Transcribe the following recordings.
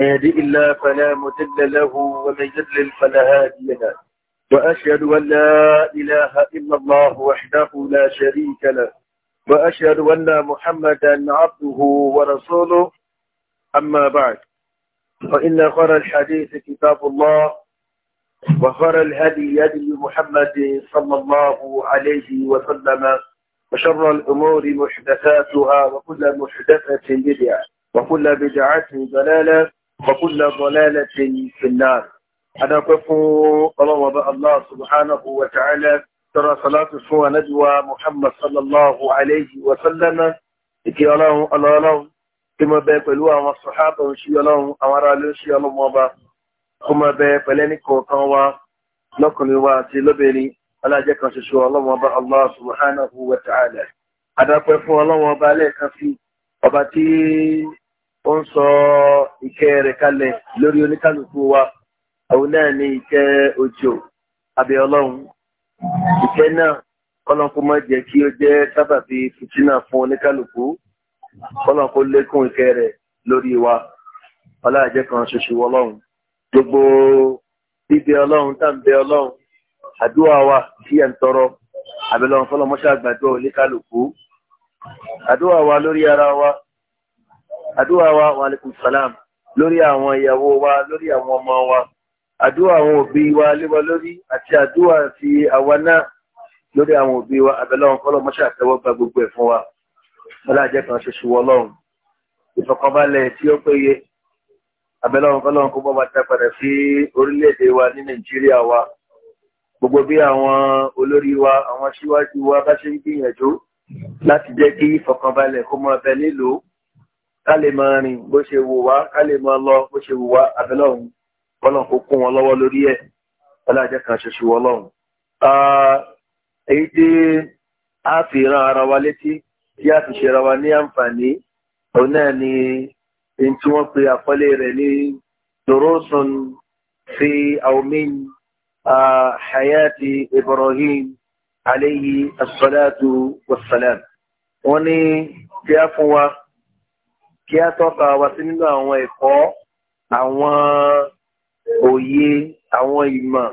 يهدي إلا فلا مدل له ومن يدلل فلا هادي له وأشهد أن لا إله إلا الله وحده لا شريك له وأشهد أن محمدا عبده ورسوله أما بعد فإن خير الحديث كتاب الله وخير الهدي هدي محمد صلى الله عليه وسلم وشر الأمور محدثاتها وكل محدثة بدعة وكل بدعة ضلالة وكل ضلالة في النار أنا كفو الله الله سبحانه وتعالى ترى صلاة فوى ندوى محمد صلى الله عليه وسلم إكي الله الله كما بي pẹ̀lú àwọn sọ̀hábà ń ṣí ọlọ́run àwọn ará ló ń ṣí ọlọ́run ọba kó máa bẹ pẹ̀lẹ́ ní kọ̀ọ̀kan wa lọ́kùnrin wa àti lóbìnrin alájẹ́ kan ṣoṣo ọlọ́run ọba Allah ọlọ́run sí ọba ó ń sọ ìkẹ́ rẹ̀ kalẹ̀ lórí oníkálukú wa àwọn náà ní ìkẹ́ òjò abẹ́ ọlọ́run ìkẹ́ náà kọ́lọ́nkó má jẹ́ kí ó jẹ́ sábàbí fìtínà fún oníkálukú kọ́lọ́nkó lékún ìkẹ́ rẹ̀ lórí wa ọláàjẹ́ kan ṣoṣo ọlọ́run gbogbo bíbẹ ọlọ́run tàbí ọlọ́run àdúrà wa sí ẹ̀ ń tọrọ àbẹ̀lọ́run fọlọ́mọṣẹ́ àgbàdo oníkálukú àdúrà wa lórí ara wa àdúrà wa wa alaikum salam lórí àwọn ìyàwó wa lórí àwọn ọmọ wa àdúrà àwọn òbí wa léwa lórí àti àdúrà ti àwa náà lórí àwọn òbí wa abẹ́lọ́run kọ́lọ́ mọ́ṣẹ́ àtẹ́wọ́gbà gbogbo ẹ̀ fún wa ọlájẹ́ kan ṣoṣù wọlọ́run ìfọkànbalẹ̀ tí ó péye abẹ́lọ́run kọ́lọ́run kó bọ́ wa tẹ́ padà sí orílẹ̀-èdè wa ní nàìjíríà wa gbogbo bí àwọn olórí wa àwọn síwájú wa bá ṣe ń gbìyànjú láti jẹ́ kí ìfọkànbalẹ̀ kó máa bẹ nílùú ká lè máa rìn bó ṣe wù wá ká lè máa lọ bó ṣe wù wá abẹ́lọ́run ọlọ́run kó kún wọn lọ́wọ́ lórí ẹ̀ ọlájẹ́ kan ṣoṣo ọlọ́run. èyí tí a fi ran ara wa létí tí a fi ṣe ara wa ní àǹfààní òun náà ni èyí tí wọ́n pe àkọlé rẹ̀ ní dòrósùn fi àwòmín hayati Ibrahim alayhi as-salatu wọ́n ní kí á fún wa kí á tọ́ka wa sí nínú àwọn ẹ̀kọ́ àwọn òye àwọn ìmọ̀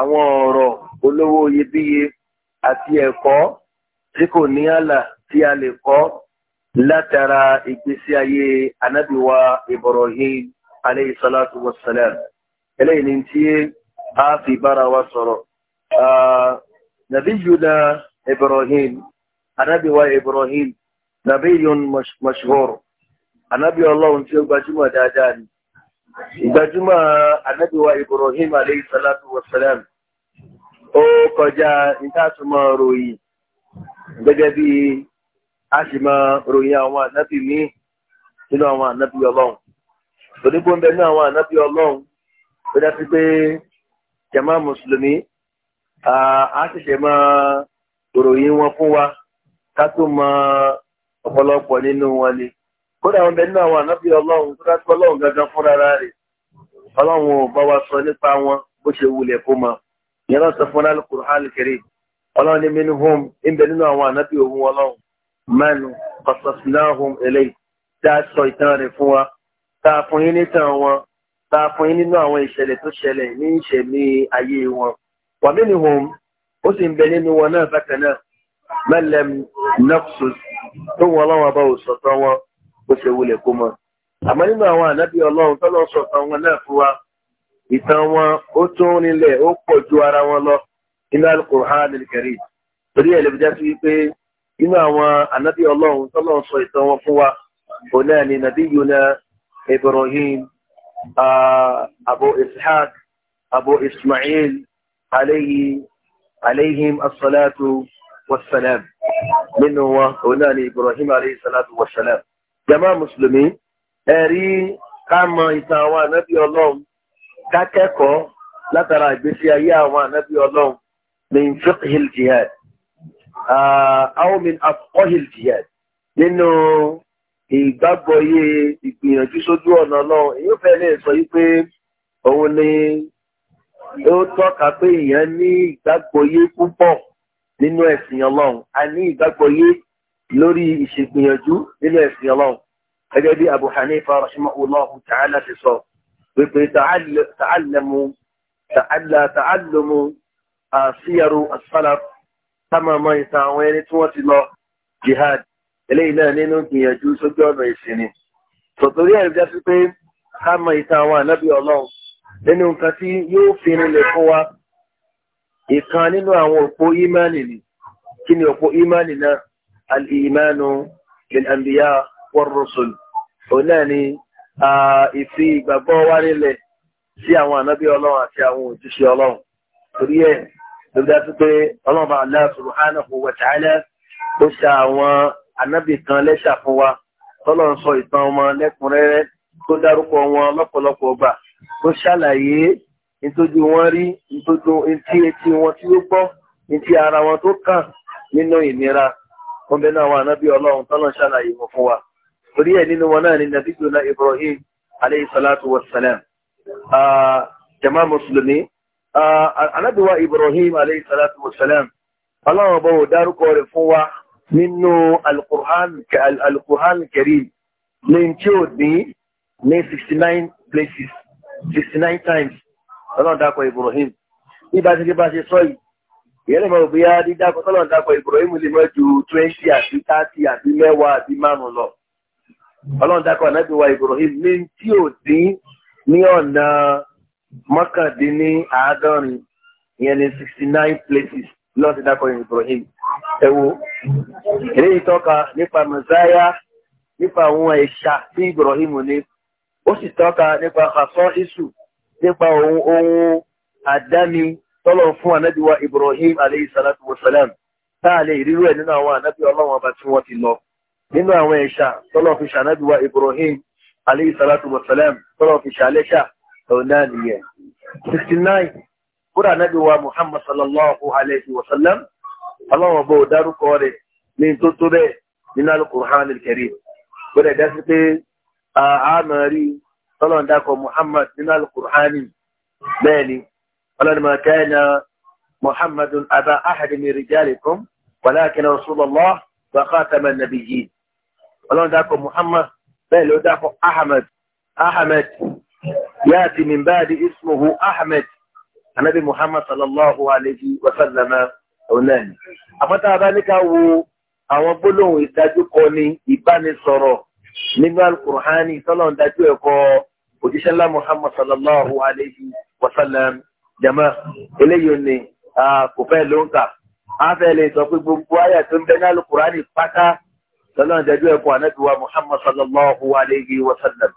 àwọn ọ̀rọ̀ olówó iyebíye àti ẹ̀kọ́ tí kò ní àlà tí a lè kọ́ látara ìgbésí ayé anábìwa Ibrahim aleyhi salatu eléyìí ni tí a fi bára wa sọ̀rọ̀ nabiyuna Ibrahim anábìwa Ibrahim nabiyun mashhur. Mash Anabi ọlọ́run tí ó gbajúmọ̀ dáadáa ni ìgbajúmọ̀ Anabiwa Ibrahim aleyhi salatu wa ó kọjá ìtàtúmọ̀ ròyìn gẹ́gẹ́ bí a sì máa ròyìn àwọn ànábì míì nínú àwọn ànábì ọlọ́run onígbó ń bẹ ní àwọn ànábì ọlọ́run ó dá sí pé jama mùsùlùmí a ṣẹ̀ṣẹ̀ máa ròyìn wọn fún wa ká tó mọ ọ̀pọ̀lọpọ̀ nínú wọn ni. kódà ọmọ ẹni àwọn ànábì ọlọ́run tó dájú ọlọ́run gangan fúnra rẹ̀ ọlọ́run ò bá wa sọ nípa wọn bó ṣe wulẹ̀ kó mọ ìyẹn náà sọ fún al-Qur'an al-Karim ọlọ́run ní mímú hom ń bẹ nínú àwọn ànábì òun ọlọ́run mẹ́nu qasasnahum eléyìí tá a sọ ìtàn rẹ̀ fún wa tá a fún yín nítàn wọn tá a fún yín nínú àwọn ìṣẹ̀lẹ̀ tó ṣẹlẹ̀ ní ìṣẹ̀mí ayé wọn wa minhum ó sì ń bẹ nínú wọn náà bákan náà man lam bó ṣe wulẹ̀ kó mọ́ àmọ́ nínú àwọn ànábì ọlọ́run tọ́lọ́ sọ̀tàn wọn náà fún wa ìtàn wọn ó tún nílẹ̀ ó pọ̀ ju ara wọn lọ nínú alukur'an kẹrì torí ẹ̀ lẹ́bi jásí wípé nínú àwọn ànábì ọlọ́run tọ́lọ́ sọ ìtàn wọn fún wa òun náà ni nàbí yuna ibrahim abu ishaq abu ismail alayhi alayhim asalaatu wasalaam nínú wọn òun náà ni ibrahim alayhi salaatu wasalaam jama mùsùlùmí ẹ̀rí ká mọ ìtàn àwọn ànábì ọlọ́run ká kẹ́kọ̀ọ́ látara ìgbésí ayé àwọn ànábì ọlọ́run min fiqhil jihad àwọn min afqahil jihad nínú ìgbàgbọ́ yé ìgbìyànjú sójú ọ̀nà ọlọ́run èyí fẹ́ lè sọ yí pé òun ni ó tọ́ka pé èèyàn ní ìgbàgbọ́ yé púpọ̀ nínú ẹ̀sìn ọlọ́run a ní ìgbàgbọ́ yé lórí ìṣègbìyànjú nínú ẹ̀sìn ọlọ́run gẹ́gẹ́ bí abu hanifa rahimahullahu ta'ala ti sọ wípé ta'allamu ta'allamu àṣíyàrú as-salaf tamama ìta àwọn ẹni tí wọ́n ti lọ jihad eléyìí náà nínú gbìyànjú sójú ọ̀nà ìsinmi tòtòrí ẹ̀rí jẹ́ sí pé ká mọ ìta àwọn ànábì ọlọ́run nínú nǹkan tí yóò fi rinlẹ̀ fún wa ìkan nínú àwọn òpó ímánì ni kí ni òpó ímánì náà alìmánu lẹ́nàmbíyá wọ́rọ̀sùn òun náà ni ìfi ìgbàgbọ́ wá nílẹ̀ sí àwọn ànábí ọlọ́run àti àwọn òjíṣẹ́ ọlọ́run torí ẹ̀ ló dá sí pé ọlọ́run bá Allah subhanahu wa ta'ala ló ṣe àwọn ànábì kan lẹ́ṣà fún wa tọ́lọ́run sọ ìtàn wọn lẹ́kùnrẹ́rẹ́ tó dárúkọ wọn lọ́pọ̀lọpọ̀ ọgbà tó ṣàlàyé nítorí wọn rí nítorí etí wọn tí ó gbọ́ ní ti ara wọn tó kàn nínú ìnira wọ́n bẹ náà wọn ànábì ọlọ́run tọ́lọ́ ṣàlàyé wọn fún wa torí ẹ̀ nínú wọn náà ni nàbí jùlọ Ibrahim alayhi salatu wa salam jama mùsùlùmí ànábì wa Ibrahim alayhi salatu wa salam ọlọ́run bọ̀ dárúkọ rẹ̀ fún wa nínú al-Qur'an Karim ní tí ó dín ní 69 places 69 times ọlọ́run dákọ̀ Ibrahim bí bá ṣe bá ṣe sọ ìyẹn lè mọ̀ bí a dídákọ̀ tọ́lọ̀ dákọ̀ Ibrahim lè mọ̀ ju twenty àti thirty àti mẹ́wàá àti márùn lọ ọlọ́run dákọ̀ ànábì wa Ibrahim ní tí ò dín ní ọ̀nà mọ́kàndínní àádọ́rin ìyẹn ní sixty nine places lọ́ọ̀tì dákọ̀ Ibrahim ẹ wo eléyìí tọ́ka nípa mọ̀sáyà nípa àwọn ẹ̀ṣà tí Ibrahim ní ó sì tọ́ka nípa àsọ ìṣù nípa ohun àdáni tọ́lọ̀ fún anábì wa Ibrahim aleyhi salatu wa salam tá a lè ríru ẹ̀ nínú àwọn anábì ọlọ́run ọba tí wọ́n ti lọ nínú àwọn ẹ̀ṣà tọ́lọ̀ fi ṣànábì wa Ibrahim aleyhi salatu wa salam tọ́lọ̀ fi ṣàlẹ́ṣà ọ̀nà nìyẹn. sixty nine kúrò anábì wa Muhammad sallallahu alayhi wa salam ọlọ́run ọba ò tọ́lọ̀ ń dákọ̀ Muhammad nínú alukur'an bẹ́ẹ̀ ọlọ́ni ma kana muhammadun aba ahadin min rijalikum walakin rasulullah wa khataman nabiyyin ọlọ́run dákọ̀ muhammad bẹ́ẹ̀ ló dákọ̀ ahmed ahmed yáàtì min ba'di ismuhu ahmed anabi muhammad sallallahu alayhi wa sallam ọ̀nàní. àmọ́tá abáníkà wo àwọn gbólóhùn ìdájúkọ ní ìbánisọ̀rọ̀ nínú alukur'ani tọ́lọ̀ dájú ẹ̀kọ́ òjíṣẹ́ ńlá sallallahu alayhi wa sallam jẹ̀mọ́ eléyìí ni kò fẹ́ ló ń kà á fẹ́ lè sọ pé gbogbo àyà tó ń bẹ ní alukurani pátá lọ́nà ìdájọ́ ẹ̀kọ́ ànábì wa muhammad sallallahu alayhi wa sallam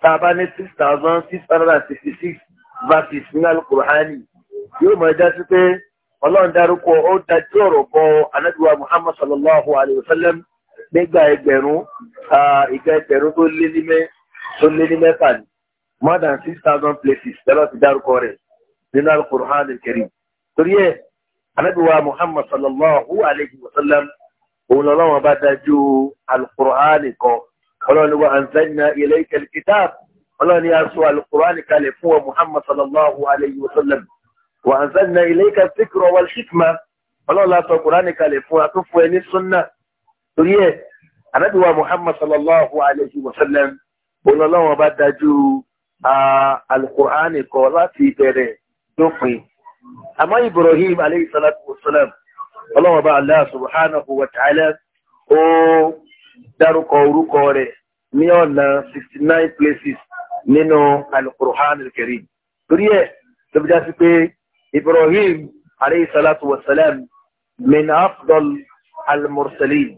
tá a bá ní six thousand six hundred and sixty six verses ní alukurani yóò mọ̀ ẹja sí pé ọlọ́run dárúkọ ó dájú ọ̀rọ̀ bọ ànábì wa muhammad sallallahu alayhi wa sallam nígbà ẹgbẹ̀rún ìgbà ẹgbẹ̀rún tó lé ní mẹ́fà ní more than six thousand places lọ́nà ti dárúkọ rẹ̀ nínú alukur'an al-karim torí ẹ̀ anábìwá muhammad sallallahu alayhi wa sallam òun lọ́wọ́ bá dájú alukur'an kan ọlọ́run ni wa anzalna ilayka al-kitab ọlọ́run ni a sọ alukur'an kalẹ̀ fún wa muhammad sallallahu alayhi wa sallam wa anzalna ilayka al-dhikra wal-hikma ọlọ́run la sọ kur'an kalẹ̀ fún wa tó fún ẹ ní sunna torí ẹ̀ anábìwá muhammad sallallahu alayhi wa sallam òun lọ́wọ́ bá dájú alukur'an kan láti ìbẹ̀rẹ̀ ló pè àmọ́ ibrahim alayhi salatu wa salam ọlọ́wọ́ bá allah subhanahu wa ta'ala ó dárúkọ orúkọ rẹ̀ ní ọ̀nà 69 places nínú alukurhan alkarim torí ẹ̀ tó bí jásí pé ibrahim alayhi salatu wa salam min afdal al-mursalin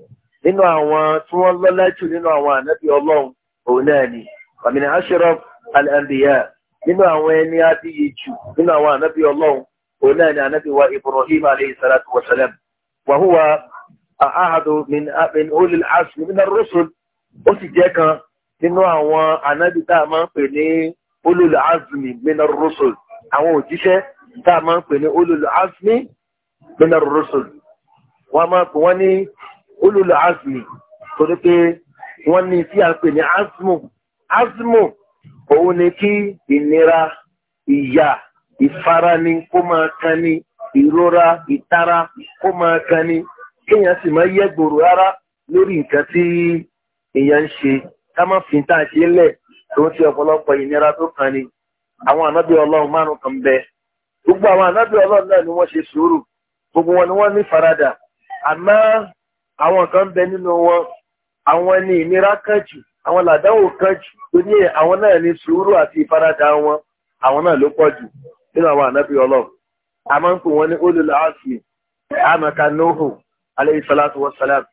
nínú àwọn tí wọ́n lọ́lá jù nínú àwọn ànábì ọlọ́run òun náà ni wa min al-anbiya nínú àwọn ẹni adíyẹ jù nínú àwọn ànábì ọlọ́run òun náà ni ànábì wa ibrahim aleyhi salatu wa salam wa huwa ahadu min min olil asmi min ar-rusul ó sì jẹ́ kan nínú àwọn ànábì tá a máa ń pè ní olul azmi min ar-rusul àwọn òjíṣẹ́ tá a máa ń pè ní olul azmi min ar-rusul wọ́n máa pè wọ́n ní olul azmi torí pé wọ́n ní tí a pè ní azmu azmu òun ni kí ìnira ìyà ìfarani kó máa kan ni ìrora ìtara kó máa kan ni kéèyàn sì máa yẹ gbòòrò rárá lórí nǹkan tí èèyàn ń ṣe ká má fi tá a ṣe lẹ̀ tó ń ṣe ọ̀pọ̀lọpọ̀ ìnira tó kan ni àwọn ànábì ọlọ́run márùn kan bẹ gbogbo àwọn ànábì ọlọ́run náà ni wọ́n ṣe sùúrù gbogbo wọn ni wọ́n ní faradà àmọ́ àwọn kan bẹ nínú wọn àwọn ni ìnira kan jù àwọn làdánwò kan jù tó ní àwọn náà ní sùúrù àti ìfaradà wọn àwọn náà ló pọ̀ jù nínú àwọn ànábì ọlọ́run a máa ń pè wọ́n ní olùlà áàsì amaka nuhu aleyhi salatu wa salam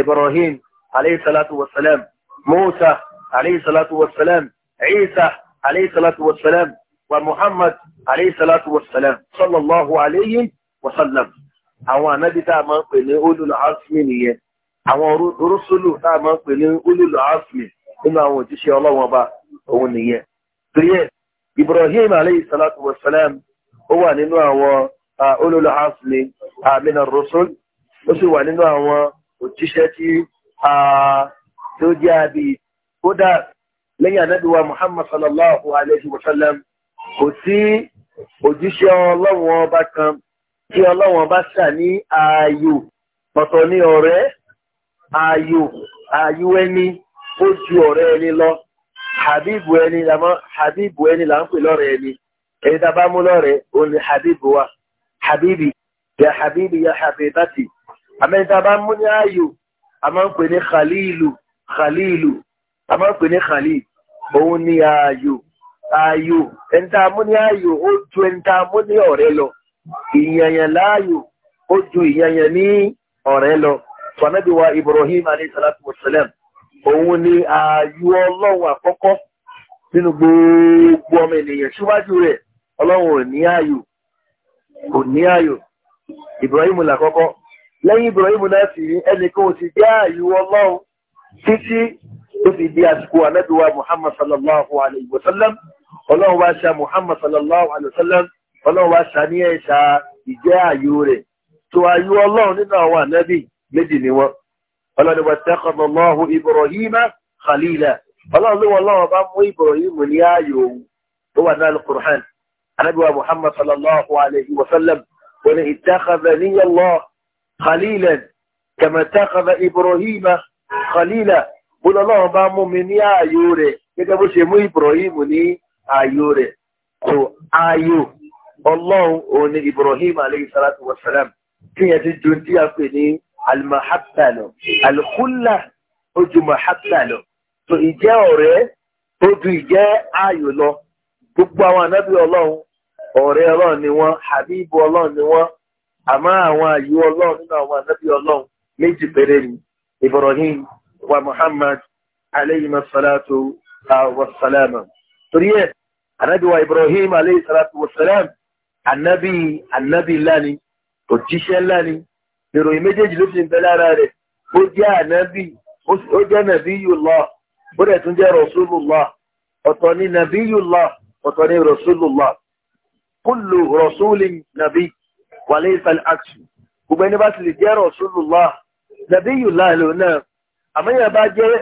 ibrahim aleyhi salatu wa salam musa aleyhi salatu isa aleyhi salatu wa muhammad aleyhi salatu sallallahu aleyhi wa àwọn ànábì tá a máa ń pè ní olùlà áàsì nìyẹn àwọn orúsùlù tá a máa ń pè ní olùlọ asmi nínú àwọn òjíṣẹ́ ọlọ́wọ́n ọba òun nìyẹn torí ẹ̀ ibrahim aleyhi salatu wa salam ó wà nínú àwọn olùlọ asmi amina rusul ó sì wà nínú àwọn òjíṣẹ́ tí tó jẹ́ àbí kódà lẹ́yìn anábíwá muhammad sallallahu alayhi wa kò sí òjíṣẹ́ ọlọ́wọ́n ọba kan tí ọlọ́wọ́n ọba ṣà ní ààyò ọ̀tọ̀ ní ọ̀rẹ́ ààyò ààyò ẹni ó ju ọ̀rẹ́ ẹni lọ habibu ẹni là mọ́ habibu ẹni là ń pè lọ́rẹ̀ ẹni ẹni tá a bá mú lọ́rẹ̀ ó ní habibu wa habibi ya habibi ya habibati àmẹ́ni tá a bá mú ní ààyò a máa ń pè ní khalilu khalilu a máa ń pè ní khalil òun ní ààyò ààyò ẹni tá a mú ní ààyò ó ju ẹni tá a mú ní ọ̀rẹ́ lọ ìyẹ̀yẹ̀ láàyò ó ju ìyẹ̀yẹ̀ ní ọ̀rẹ́ lọ fanabi wa ibrahim alayhi salatu wa salam òun ni ààyò ọlọ́run àkọ́kọ́ nínú gbogbo ọmọ ènìyàn síwájú rẹ̀ ọlọ́run ò ní ààyò kò ní ààyò ibrahim làkọ́kọ́ lẹ́yìn ibrahim náà sì ní ẹnìkan ò sì jẹ́ ààyò ọlọ́run títí ó fi di àsìkò anabi muhammad sallallahu alayhi wa sallam ọlọ́run wa ṣa muhammad sallallahu alayhi wa sallam ọlọ́run wa ṣa ní ẹ̀ṣà ìjẹ́ ààyò rẹ̀ tó ààyò ọlọ́run nínú àwọn ànábì méjì ni wọ́n ọlọ́ni wa tẹ́kọ̀ọ́ lọ́hùn ibrahima khalila ọlọ́run ló wọ́n lọ́wọ́ bá mú ibrahim ní ààyò òun tó wà náà alukur'an anábíwá muhammad sallallahu alayhi wa sallam wọ́n ní ìtẹ́kọ̀ọ́ níyànlọ́ khalila kama tẹ́kọ̀ọ́ ibrahima khalila bó lọ́wọ́ bá mú mi ní ààyò rẹ̀ gẹ́gẹ́ bó ṣe mú ibrahim ní ààyò rẹ̀ kò ààyò ọlọ́run òun ní ibrahim alayhi salatu wa salam kíyẹn àlùmọ̀hábà lọ àlùkùlà ó ju mọ̀hábà lọ tó ìjẹ́ ọ̀rẹ́ ó ju ìjẹ́ ayò lọ gbogbo àwọn ànábì ọlọ́run ọ̀rẹ́ ọlọ́run ni wọ́n habibu ọlọ́run ni wọ́n àmọ́ àwọn àyò ọlọ́run nínú àwọn ànábì ọlọ́run méjì péré ni ibrahim wa muhammad aleyhi masalatu wa salama torí ẹ ànábì wa ibrahim aleyhi salatu wa salam ànábì ànábì ńlá ni òjíṣẹ́ ńlá ni ìròyìn méjèèjì ló fi ń bẹ lára rẹ̀ ó jẹ́ ànábì ó jẹ́ nàbíyùlá ó dẹ̀ tún jẹ́ rọ̀ṣúlùlá ọ̀tọ̀ ni nàbíyùlá ọ̀tọ̀ ni rọ̀ṣúlùlá kúlù rọ̀ṣúlì nàbí wàlẹ́ ìsàlẹ̀ àkṣù gbogbo ẹni bá ti lè jẹ́ rọ̀ṣúlùlá nàbíyùlá ló náà àmọ́yà bá jẹ́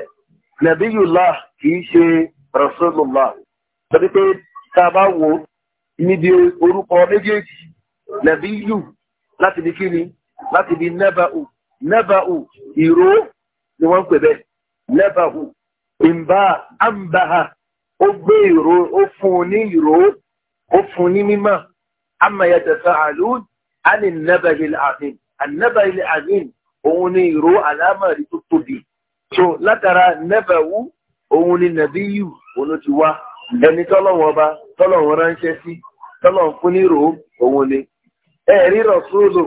nàbíyùlá kìí ṣe rọ̀ṣúlùlá tọ́bí pé tá a bá wò níbi orúkọ méjèèjì nàbíyù láti ní kíni láti bí nẹ́bàù nẹ́bàù ìró ni wọ́n ń pè bẹ́ẹ̀ nẹ́bàù ìmbà àmbàhà ó gbé ìró ó fún ní ìró ó fún ní mímọ̀ àmàyàtẹ̀fẹ́ àlùd àní nẹ́bàhìl àzín ànẹ́bàhìl àzín òun ni ìró àlámàrí tó tóbi so látara nẹ́bàù òun ni nàbíyù òun ti wá ẹni tọ́lọ́wọ́n ọba tọ́lọ́wọ́n ránṣẹ́ sí tọ́lọ́wọ́n fún ní ìró òun ni ẹ̀rí rọ̀ sóòlò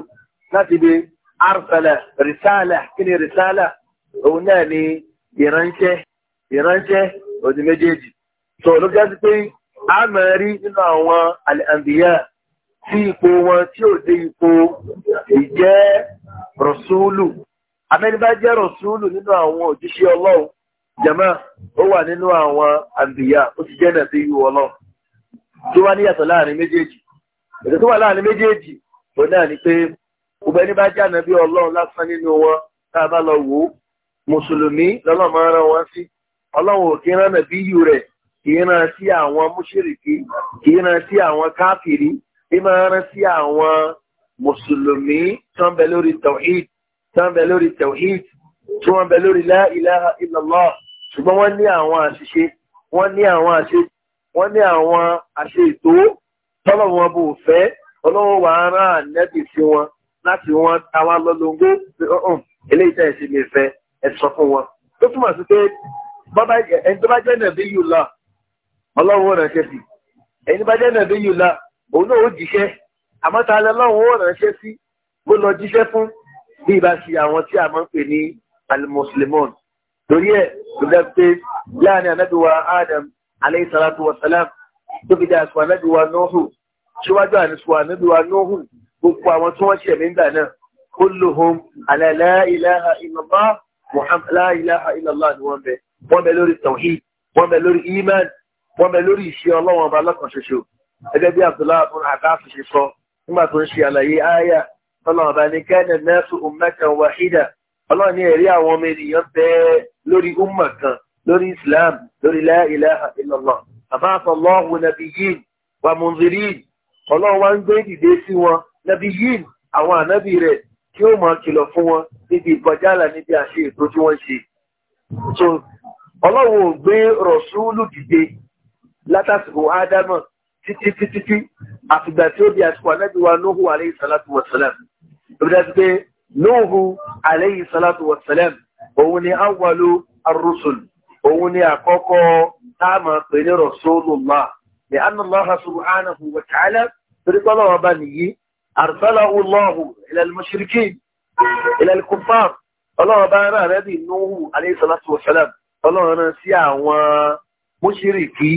láti bí arsala risala kí ni risala òun náà ni ìránṣẹ́ ìránṣẹ́ òdì méjèèjì tó ló jẹ́ pé a máa rí nínú àwọn si tí ipò wọn tí ò dé ipò ìjẹ́ rọ̀súlù amẹ́nibá jẹ́ rọ̀súlù nínú àwọn òjíṣẹ́ ọlọ́run jama ó wà nínú àwọn àǹbìyà ó ti jẹ́ nàbí ìwọ ọlọ́run tó wá níyàtọ̀ láàrin méjèèjì ètò tó wà láàrin méjèèjì gbogbo ẹni bá jẹ́ ànábí ọlọ́run lásán nínú wọn tá a bá lọ wò ó mùsùlùmí lọ́lọ́run máa rán wọn sí ọlọ́run ò kí rán nàbí yù rẹ̀ kì í rán sí àwọn mùṣírìkí kì í rán sí àwọn káfìrí kì í máa sí àwọn mùsùlùmí tó bẹ lórí tawhid tó bẹ lórí tawhid tí wọ́n bẹ lórí la ilaha ṣùgbọ́n wọ́n ní àwọn àṣìṣe wọ́n ní àwọn àṣe wọ́n ní àwọn àṣe ètò tọ́lọ̀ wọn bò fẹ́ ọlọ́run wàá rán ànẹ́bì sí wọn láti wọn táwa lọ́lọ́gbó oh, oh, eléyìí tẹ̀ sí mi fẹ́ ẹ sọ fún wọn tó túmọ̀ sí pé ẹni tó bá jẹ́ nàbí yìí lọ ọlọ́run rẹ̀ ṣe sí ẹni bá jẹ́ nàbí yìí lọ òun náà ó jíṣẹ́ àmọ́ ta lẹ́ lọ́run rẹ̀ ṣe sí ó lọ jíṣẹ́ fún bí ibà ṣe àwọn tí a máa ń pè ní alimuslimon torí ẹ̀ tó dẹ́ pé láàrin anábìwá adam aleyhi salatu tó fi dé àsùn anábìwá nóhù síwájú àníṣùwà anábìwá nóhù gbogbo àwọn tí wọ́n ṣẹ̀ nígbà náà kulluhum ala la ilaha illallah muhammad la ilaha illallah ni wọ́n bẹ wọ́n bẹ lórí tawhid wọ́n bẹ lórí iman wọ́n bẹ lórí ìṣe ọlọ́wọ́n ọba lọ́kàn ṣoṣo gẹ́gẹ́ bí abdullahi abdul abbas ṣe sọ nígbà tó ń ṣe àlàyé aya ọlọ́wọ́n ọba ní kana nasu ummatan wahida ọlọ́wọ́n ní ẹ̀rí àwọn ọmọ ènìyàn bẹ lórí umma kan nàbí yìí àwọn ànábì rẹ̀ kí ó máa kìlọ̀ fún wọn níbi ìkọjáàlà níbi àṣẹ ètò tí wọ́n ṣe. so ọlọ́run ò gbé rọ̀ṣúlù dìde látàsìkò ádámà títí títí tí àfìgbà tí ó di àsìkò ànábì wa nóhù aléyìí sálátù wọ̀sálẹ̀m. ìbúdá ti pé nóhù aléyìí sálátù wọ̀sálẹ̀m òun ni awwalu arrusul òun ni àkọ́kọ́ táàmà pè rọ̀ṣúlù máa. لأن الله سبحانه وتعالى في طلب نيي أرسله الله إلى المشركين إلى الكفار الله بارا نبي نوح عليه الصلاة والسلام الله نسي àwọn مشركي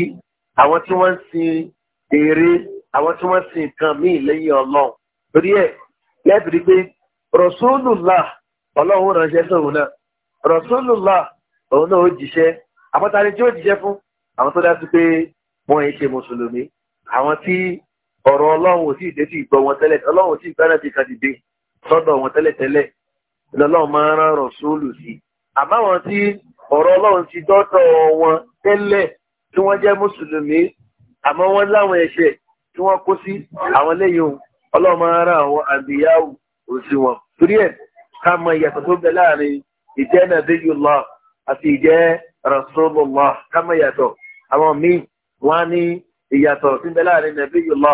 àwọn tí wọ́n sin ère àwọn tí wọ́n sin nǹkan míì lẹ́yìn ọlọ́run torí ẹ̀ lẹ́bìrí pé Rasulullah ọlọ́run ránṣẹ́ sóhun náà Rasulullah òun náà ó jíṣẹ́ àpótá ni tí ó jíṣẹ́ fún àwọn tó dá sí pé wọ́n ń ṣe mùsùlùmí àwọn tí ọ̀rọ̀ ọlọ́run ò tí ì dé sí ìgbọ́ wọn tẹ́lẹ̀ ọlọ́run ò tí ì gbẹ́rẹ́ ti kan dìde sọ́dọ̀ wọn tẹ́lẹ̀ tẹ́lẹ̀ lọ́lọ́run máa ń rán rọ̀ṣúlù sí àbáwọn tí ọ̀rọ̀ ọlọ́run ti dọ́tọ̀ wọn tẹ́lẹ̀ tí wọ́n jẹ́ mùsùlùmí àmọ́ wọ́n láwọn ẹ̀ṣẹ̀ tí wọ́n kó sí àwọn lẹ́yìn ohun ọlọ́run máa ń rán àwọn àbíyáwó òsì wọn torí ẹ̀ ká mọ ìyàtọ̀ tó bẹ láàrin ìjẹ́ nàbíyùlá àti ìjẹ́ rasulullah ká mọ ìyàtọ̀ àwọn míì wọ́n á ní ìyàtọ̀ tó bẹ láàrin nàbíyùlá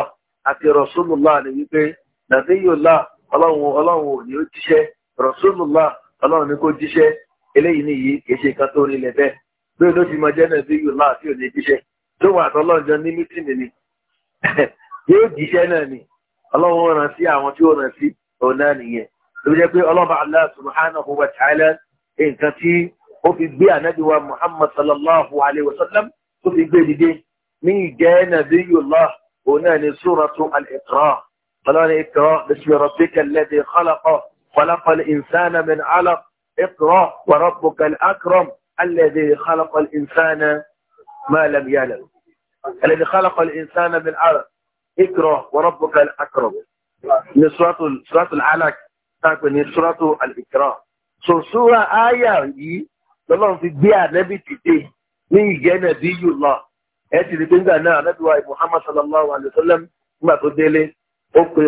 àti Rasulullah ni wípé Nabiyullah ọlọ́run ọlọ́run ò ní ó jíṣẹ́ Rasulullah ọlọ́run ní kó jíṣẹ́ eléyìí nìyí kìí ṣe kan tó rí lẹ̀ bẹ́ẹ̀ bí ló ti mọ jẹ́ Nabiyullah tí ò ní jíṣẹ́ tó wà tọ́lọ́run jọ ní mítìnì ni yóò jíṣẹ́ náà ni ọlọ́run ràn sí àwọn tí ó ràn sí òun náà nìyẹn ló jẹ́ pé ọlọ́ba Allah subhanahu wa ta'ala nǹkan tí ó fi gbé ànábì wa Muhammad sallallahu alayhi wa sallam tó fi gbé dìde ní ìjẹ́ Nabiyullah هنا سورة الإقراء قال أنا إقراء باسم ربك الذي خلق خلق الإنسان من علق إقراء وربك الأكرم الذي خلق الإنسان ما لم يلم الذي خلق الإنسان من علق إقراء وربك الأكرم سورة سورة العلق تكون سورة الإقراء سورة آية لما في بيع نبي تدي من جنبي الله ẹ ti rí pé nígbà náà anábìwá Muhammad sallallahu alayhi wa sallam nígbà tó délé ó pe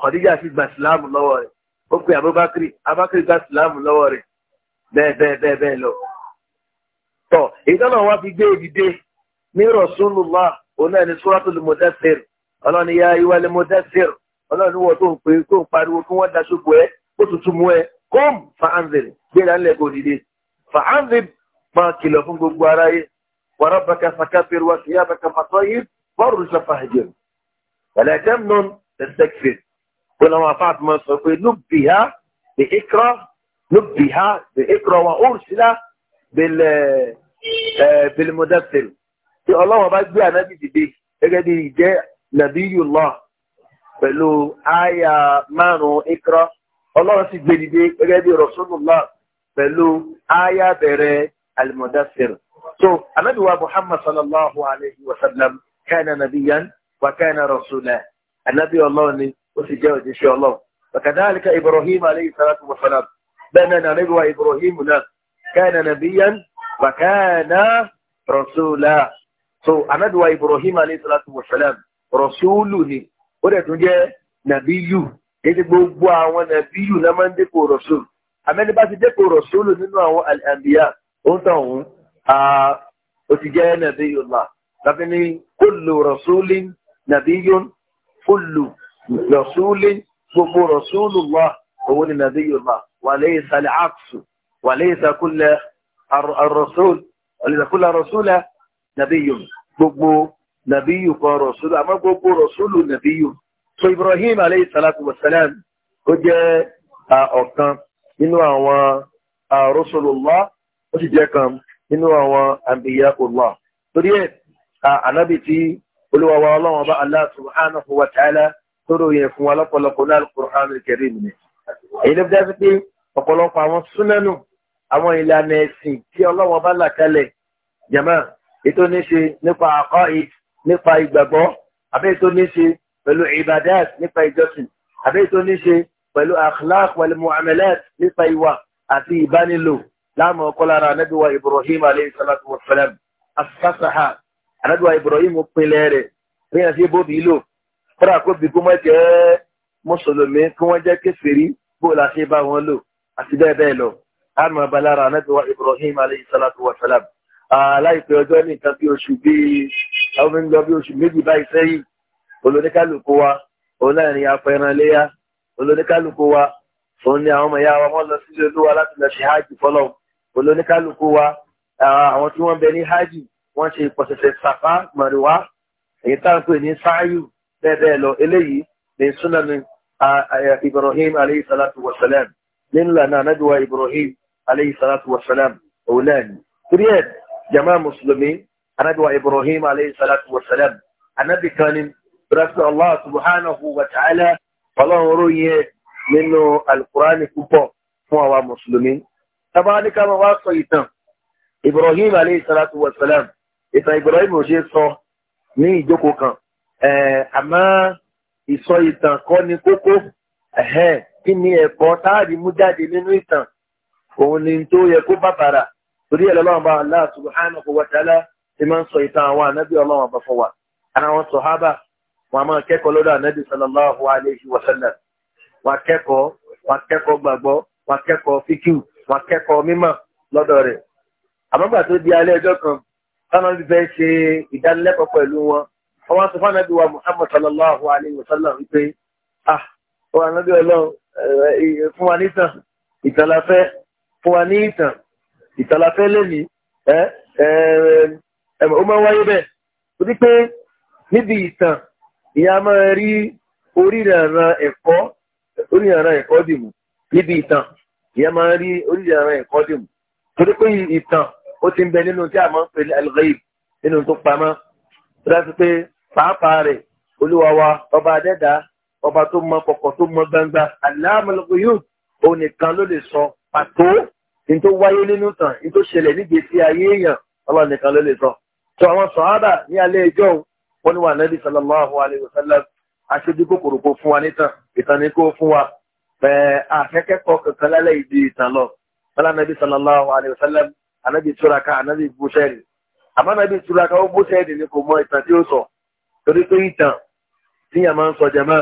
Khadija gba ìsìláàmù lọ́wọ́ rẹ̀ ó pe Abubakar Abubakar gba ìsìláàmù lọ́wọ́ rẹ̀ bẹ́ẹ̀ bẹ́ẹ̀ bẹ́ẹ̀ bẹ́ẹ̀ lọ. tọ ìdáná wa fi gbé ìdìde ní Rasulullah òun náà ní Suratul ya ayyuhal mudaththir ọlọ́ni wọ́n tó ń pè tó ń pariwo kí wọ́n daṣọ bọ̀ ẹ́ ó tutù mú ẹ fa'anzir fa'anzir máa kìlọ̀ fún gbogbo وربك فكبر وثيابك فطيب فرج فهجر فلا تمنن تستكفر كلما طعت من سلطين نبها بإكرة نبها بإكرة وأرسل بال بالمدثل يا الله وبعد بها نبي دي بيك دي جاء نبي الله فلو آية مانو إكرة الله سيد بني دي رسول الله فلو آية بري المدثر So, Ànábì wa Muhammad sallallahu alayhi wa sallam kana nabiyan wa kana rasula. Ànábì Ọlọ́run ni ó sì jẹ́ òjíṣẹ́ Ọlọ́run. Wa kadhalika Ibrahim alayhi salatu wa salam. Bẹ́ẹ̀ náà Ibrahim náà kana nabiyan wa kana rasula. So, Ànábì wa Ibrahim alayhi salatu wa salam rasulu ni. Ó dẹ̀ tún jẹ́ nàbíyù. Èdè gbogbo àwọn nàbíyù náà máa ń dépò rasulu. Àmẹ́ni bá ti dépò rasulu nínú àwọn al-anbiya. ń tàn òun ó ti jẹ́ nabiyullah láti ní kullu rasulin nabiyun kullu rasulin gbogbo rasulullah òun ni nabiyullah wa laysa al-aksu wa laysa kullu ar-rasul wa laysa kullu rasula nabiyun gbogbo nàbíyù kan rọ̀súlù àmọ́ gbogbo rọ̀súlù nàbíyù so ibrahim alayhi salatu wasalam ó jẹ́ ọ̀kan nínú àwọn rasulullah ó sì jẹ́ kan nínú àwọn àbíyá ọlọ́ torí ẹ̀ ànábì tí olúwawa ọlọ́wọ́n bá Allah subhanahu wa ta'ala tó ròyìn fún wa lọ́pọ̀lọpọ̀ náà al-Qur'an al-Karim ni èyí ló dá sí pé ọ̀pọ̀lọpọ̀ àwọn súnánù àwọn ìlànà ẹ̀sìn tí ọlọ́wọ́n bá là kalẹ̀ jama ètò ní ṣe nípa àkọ́ nípa ìgbàgbọ́ àbẹ́ ètò ní ṣe pẹ̀lú ibadat nípa ìjọsìn àbẹ́ ètò ní ṣe pẹ̀lú akhlaq wal mu'amalat nípa ìwà àti ìbánilò láàmú ọkọ lára anábíwá ibrahim aleyhi salatu wa salam asasaha anábíwá ibrahim pinlẹ̀ rẹ̀ bí wọ́n ti bóbi lò fúnra kó bí kó mọ́ jẹ́ mùsùlùmí kí wọ́n jẹ́ kèfèrí bó la ṣe bá wọn lò àti bẹ́ẹ̀ bẹ́ẹ̀ lọ láàmú ọba lára anábíwá ibrahim aleyhi salatu wa salam aláìpẹ́ ọjọ́ ní nǹkan bí oṣù bíi àwọn ọmọ ìgbà bí oṣù méjì báyìí sẹ́yìn olóníkálùkù wa òun náà ní apẹranléyà olóníkálùkù wa òun ni àwọn ọmọ ìyá wa wọ́n lọ sílé olúwa láti lọ ṣe háàjì fọlọ́hùn olóníkálukú wa àwọn tí wọ́n bẹ ní hajj wọ́n ṣe ìpọ̀sẹ̀sẹ̀ sàfá mọ̀rìwá èyí táwọn pè ní sáyù bẹ́ẹ̀ bẹ́ẹ̀ lọ eléyìí ní súnàmì ibrahim aleyhi salatu wa salam nínú lànà anábìwá ibrahim aleyhi salatu wa salam jama mùsùlùmí anábìwá ibrahim aleyhi salatu anábì kan ní bíráṣí allah subhanahu wa ta'ala ọlọ́run ròyìn nínú alukurani púpọ̀ fún àwa mùsùlùmí tàbá ní ká máa wá sọ ìtàn ibrahim aleyhi salatu wa salam ìtàn ibrahim ò ṣe sọ ní ìjókòó kan àmọ́ ìsọ ìtàn kọ́ ni kókó kí ni ẹ̀kọ́ táàrí mú jáde nínú ìtàn òun ni tó yẹ kó bàbàrà torí ẹ̀ lọ́wọ́ bá Allah subhanahu wa ta'ala ti máa ń sọ ìtàn àwọn ànábì ọlọ́wọ́ bá fọwà ara wọn sọ̀hábà wọn a máa kẹ́kọ̀ọ́ lọ́dọ̀ ànábì sallallahu alayhi wa sallam wọn akẹ́kọ̀ọ́ wọn akẹ́kọ̀ọ́ gbàgbọ́ wọn akẹ́kọ̀ọ́ fíkìú wọn kẹ́kọ̀ọ́ mímọ̀ lọ́dọ̀ rẹ̀ àmọ́gbà tó di alẹ́ ẹjọ́ kan táwọn ti fẹ́ ṣe ìdánilẹ́kọ̀ọ́ pẹ̀lú wọn ọwọ́ sọ fún anábìwá muhammad sallallahu alayhi wa sallam wípé ah ọwọ́ anábì ọlọ́run eh, eh, fún wa nítàn ìtàn la fẹ́ fún wa ní ìtàn ìtàn la fẹ́ lẹ́nìí ẹ ẹ ó máa ń wáyé bẹ́ẹ̀ torí pé níbi ìtàn ìyá máa rí oríran ẹ̀kọ́ oríran ẹ̀kọ́ dìbò níbi ìtàn ìyẹn máa rí orílẹ̀ ara ẹ̀kọ́ dì mú torí pé ìtàn ó ti ń bẹ nínú tí a máa ń pè ní alghaib nínú tó pamọ́ tó dá sí pé pàápàá rẹ̀ olúwa wa ọba adẹ́dá ọba tó mọ kọ̀kọ̀ tó mọ gbangba aláàmúlò yóò òun nìkan ló lè sọ pàtó ní tó wáyé nínú tàn ní tó ṣẹlẹ̀ nígbèsí ayé èèyàn ọlọ́run nìkan ló lè sọ. tó àwọn sọ̀hábà ní alẹ́ ẹjọ́ wọn ni wà nábì sallallahu alayhi wa sallam aṣojú kòkòrò kò fún wa nítàn ìtàn ni kò fún wa bẹ́ẹ̀ akẹ́kẹ́kọ̀ọ́ kankan lálẹ́ ìdí ìtàn lọ bọ́lá nàbí sallallahu alayhi wa sallam anabi túraká anabi búṣẹ́rì àmọ́ nàbí túraká ó búṣẹ́rì ni kò mọ ìtàn tí ó sọ torí pé ìtàn tí yàrá máa ń sọ jẹ̀mọ́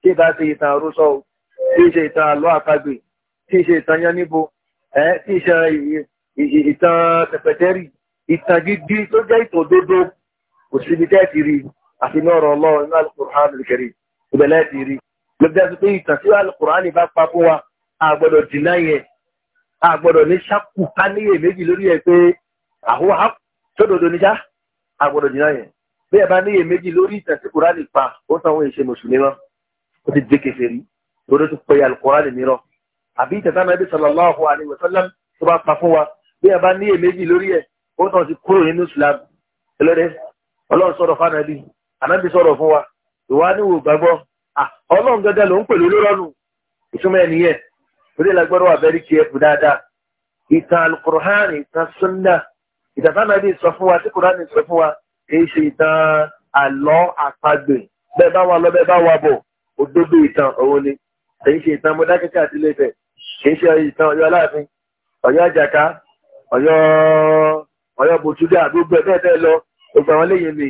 tí ìbá ṣe ìtàn àròsọ tí ìṣe ìtàn àlọ́ àpagbè tí ìṣe ìtàn ìtàn ìtàn gidi tó jẹ́ kò síbi tẹ́ẹ̀ àfi náà rọ̀ ọlọ́run ìbẹ̀lẹ́ lọ́dọ̀ àti pé ìtàn tí alukurani bá pa fún wa a gbọ́dọ̀ dìnnà yẹn a gbọ́dọ̀ ní ṣàkù ká níyè méjì lórí ẹ̀ pé àhó ha sódodo níjà a gbọ́dọ̀ dìnnà yẹn bí ẹ bá níyè méjì lórí ìtàn kurani pa ó sọ àwọn èṣe mùsùlùmí mọ́ ó ti dé kẹfẹ́ rí lórí tó pe alukurani mìíràn àbí ìtàn táwọn ẹbí sallallahu alaihi wasallam tó bá pa fún wa bí ẹ bá níyè méjì lórí ẹ̀ ó sọ ọlọ́run gẹ́gẹ́ ló ń pè ló lọ́rùn ìtumọ̀ ẹnìyẹn torí lágbọ́dọ̀ wà bẹ́rí kí ẹ kú dáadáa ìtàn alukur'an ìtàn sunna ìtàn sanabi sọ fún wa tí kur'an sọ fún wa kì í ṣe ìtàn àlọ́ àpagbè bẹ́ẹ̀ bá wà lọ bẹ́ẹ̀ bá wà bọ̀ òdodo ìtàn òun ni kì í ṣe ìtàn mọ́dákẹ́kẹ́ àti lẹ́fẹ̀ẹ́ kì í ṣe ìtàn ọ̀yọ́ aláàfin ọ̀yọ́ àjàká ọ̀yọ́ ọ̀yọ́ bòtúdà gbogbo bẹ́ẹ̀ bẹ́ẹ̀ lọ gbogbo àwọn eléyìí ni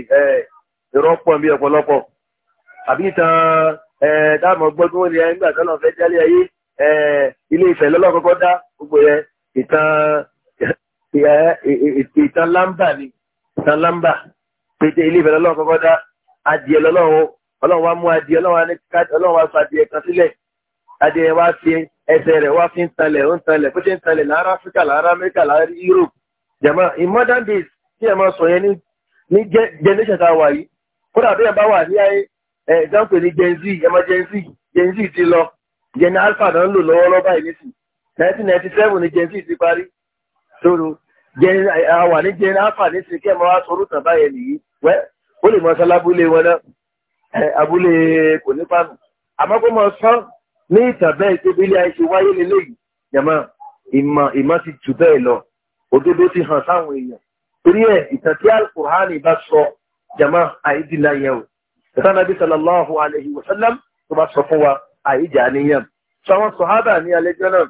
ìrọ́pọ̀ bí ọ̀pọ̀lọpọ̀ àbí ìtàn dáàmọ̀ gbọ́ tí wọ́n ní ẹgbẹ́ àtọ́nà fẹ́ jálé ayé ilé ìfẹ́ lọ́lọ́kọ́kọ́ dá gbogbo yẹn ìtàn lámbà ni ìtàn lámbà pété ilé ìfẹ́ lọ́lọ́kọ́kọ́ dá adìẹ lọ́lọ́wọ́ ọlọ́run wa mú adìẹ ọlọ́run wa sọ adìẹ kan sílẹ̀ adìẹ wa fi ẹsẹ̀ rẹ̀ wa fi ń tanlẹ̀ ó ń tanlẹ̀ bó ṣe ń tanlẹ̀ lára áfíríkà lára amẹ́ríkà lára europe jẹ̀mọ́ in modern days tí ẹ̀ máa sọ yẹn ní generation tá a wà yìí kódà bí ẹ bá wà ní ayé ẹ̀ ìdánpẹ̀ ni gen z gen z ti lọ gen alpha náà ń lò lọ́wọ́lọ́wọ́ báyìí ni gen z ti parí soro gen àwà ní gen alpha nísìn kí ẹ máa sọ orúkọ báyẹn nìyí wẹ ó lè mọ sọ lábúlé wọn náà ẹ abúlé kò ní pàmò àmọ́ kó mọ sọ ní ìtàn bẹ́ẹ̀ wáyé lélẹ́yìí lọ òdodo ti hàn sáwọn èèyàn torí ẹ̀ ìtàn tí ìsànàbí sallallahu alayhi wa sallam tó bá sọ fún wa àìjà níyàn sọ àwọn sọ̀hábà ní alẹ́jọ́ náà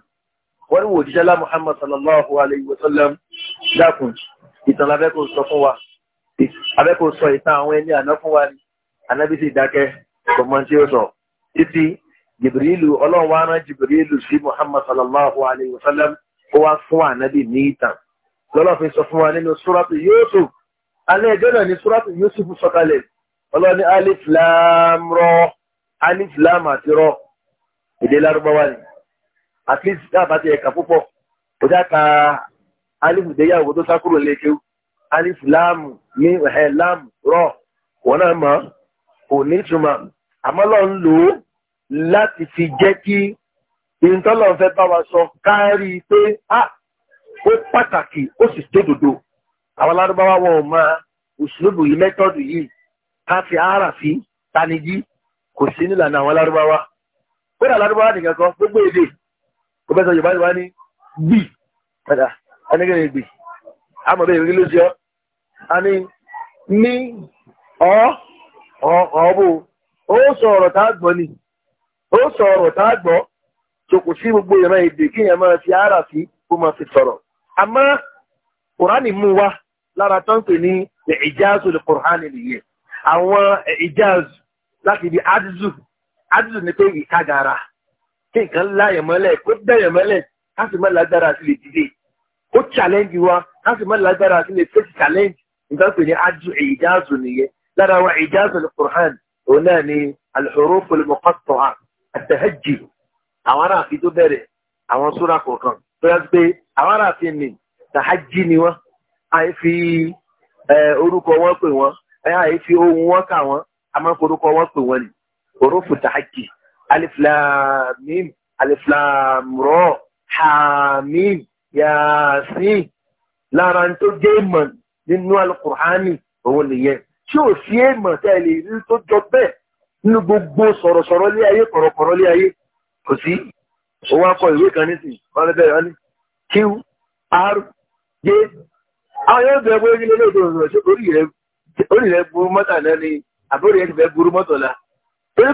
wọ́n ní wò jíjẹ́ lá muhammad sallallahu alayhi wa sallam dákun ìtàn abẹ́kò sọ fún wa abẹ́kò sọ ìtàn àwọn ẹni àná fún wa ni anábí sì dákẹ́ gbọmọ tí ó sọ títí jìbìrìlù ọlọ́run wa rán jìbìrìlù sí muhammad sallallahu alayhi wa sallam ó wá fún anábì ní ìtàn lọ́lọ́fin sọ fún wa nínú súrátù yusuf alẹ́ ẹjọ́ náà ni súrátù yusuf sọ̀kalẹ̀ ọlọ́ni alif lam rọ alif rọ èdè lárúbáwá ni at least ẹ̀ka púpọ̀ kò já ka alif déyàwó tó sákúrò lékewu alif ní ẹ̀ rọ wọn náà mọ̀ kò ní ìtumọ̀ àmọ́ lò ó láti fi jẹ́ kí ìntọ́lọ̀ fẹ́ bá wa sọ kárí pé ó pàtàkì ó sì tó dòdò àwọn wọn ò máa òṣèlú yìí ká fi ara sí taniji kò sí nílànà àwọn lárúbáwá kódà lárúbáwá nìkan kan gbogbo èdè kò fẹ́ sọ yorùbá yorùbá ní gbì padà ẹnìkan ní gbì àmọ́ bẹ́ẹ̀ rí lóṣù ọ́ a ní ní ọ́ ọ̀ọ́bù ó sọ ọ̀rọ̀ tá a gbọ́ ni ó sọ ọ̀rọ̀ tá a gbọ́ so kò sí gbogbo ìran èdè kí èèyàn máa fi ara kó máa fi sọ̀rọ̀ àmọ́ kùránì mú wa lára tó ń pè ní ìjáàzù lè kùránì nìyẹn àwọn ìjáàzù eh, láti ibi adzu adzu ni pé ìkágara kí nǹkan láyẹ̀ mọ́lẹ̀ kó bẹ̀rẹ̀ mọ́lẹ̀ ká sì má lágbára sí lè dìde ó challenge wa ká sì má lágbára sí lè face challenge nǹkan pè ní adzu ìjáàzù nìyẹn lára wa ìjáàzù ní Qur'an òun náà ni al-huruf al-muqatta'a àwọn aráàfin tó bẹ̀rẹ̀ àwọn súra kọ̀ọ̀kan tó yá pé àwọn aráàfin ni tàhájì ni wọ́n àìfi eh, orúkọ wọn pè wọ́n ẹ̀yà yìí fi ohun wọn kà wọ́n a máa ń forúkọ wọn pè wọ́n ni òrófù tàákì aliflamim aliflamrọ hamim yasin lára tó jẹ́ ìmọ̀ nínú alukur'ani òun nìyẹn tí ò sí èèmọ̀ tẹ́lẹ̀ rí tó jọ bẹ́ẹ̀ nínú gbogbo sọ̀rọ̀sọ̀rọ̀ lé ayé kọ̀rọ̀kọ̀rọ̀ lé ayé kò sí ó wá ìwé kan nísìn wọn lè wọn ní q r j àwọn yóò bẹ̀rẹ̀ bóyá nílé lóòótọ́ òṣèlú orí rẹ̀ o lè burú mọ́tà náà ni àbúrò yẹn ti fẹ́ la torí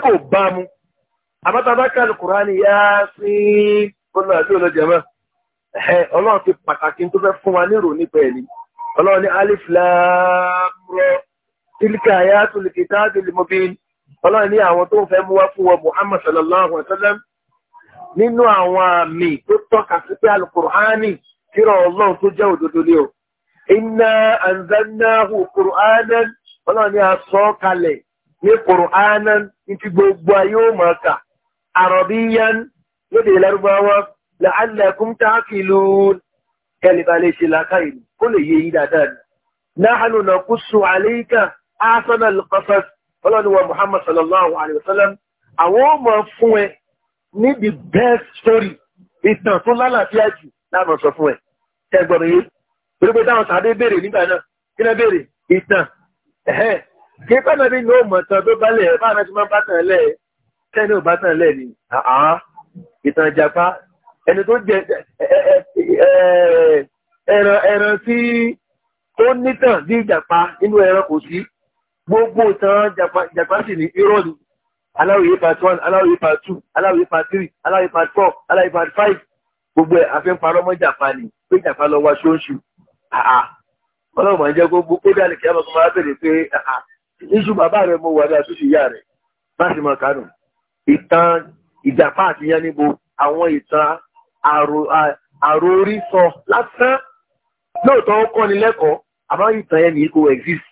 kò bá a mú àbátabá kálù kùránì yá sí kọ́nà àti olójàmọ́ ọlọ́run fi pàtàkì tó fẹ́ fún wa ni ọlọ́run ní ya limobin ọla àwọn tó ń fẹ́ mú fún wa muhammad sallallahu alaihi wa sallam nínú àwọn àmì iná àǹzánáhù kùránán ọlọ́run ni a sọ kalẹ̀ ní kùránán ní ti gbogbo ayé ó máa kà àrọ̀bíyán lóde lárúbáwá la'allakum ta'qilun kẹlẹ̀bà lè ṣe làákàyè kó lè yé yín dáadáa ni. nahnu naqussu alayka ahsana al-qasas ọlọ́run wa muhammad sallallahu alayhi wa sallam àwọn ó máa fún ẹ ní best story ìtàn tó lálàáfíà jù láàmú sọ fún ẹ. ẹ gbọ́dọ̀ torí pé táwọn sàdé béèrè nígbà náà kí náà béèrè ìtàn ẹ̀hẹ́n kí pẹ́ẹ́nà bí ní òmò tán tó bá lẹ̀ bá àná tí wọ́n bá tàn lẹ̀ kẹ́ni ò bá tàn lẹ̀ ni àá ìtàn ìjàpá ẹni tó jẹ ẹran ẹran tí ó nítàn ní ìjàpá nínú ẹran kò sí gbogbo ìtàn ìjàpá sì ní irọ́ ni aláwòye part one aláwòye part two aláwòye part three aláwòye part four aláwòye part five gbogbo ẹ̀ àfi ń parọ́ mọ́ ìjàpá ni pé ìjàpá lọ wá ṣóńṣù ọlọ́run máa ń jẹ́ gbogbo pé dáàlì kí á máa máa bèrè pé iṣu bàbá rẹ̀ mo wà ní àtúnṣe ìyá rẹ̀ bá sì máa kánú ìtàn ìjàpá àti yánibo àwọn ìtàn àròrí sọ lásán lóòótọ́ ó kọ́ni lẹ́kọ̀ọ́ àmọ́ ìtàn yẹn nìyí kò exist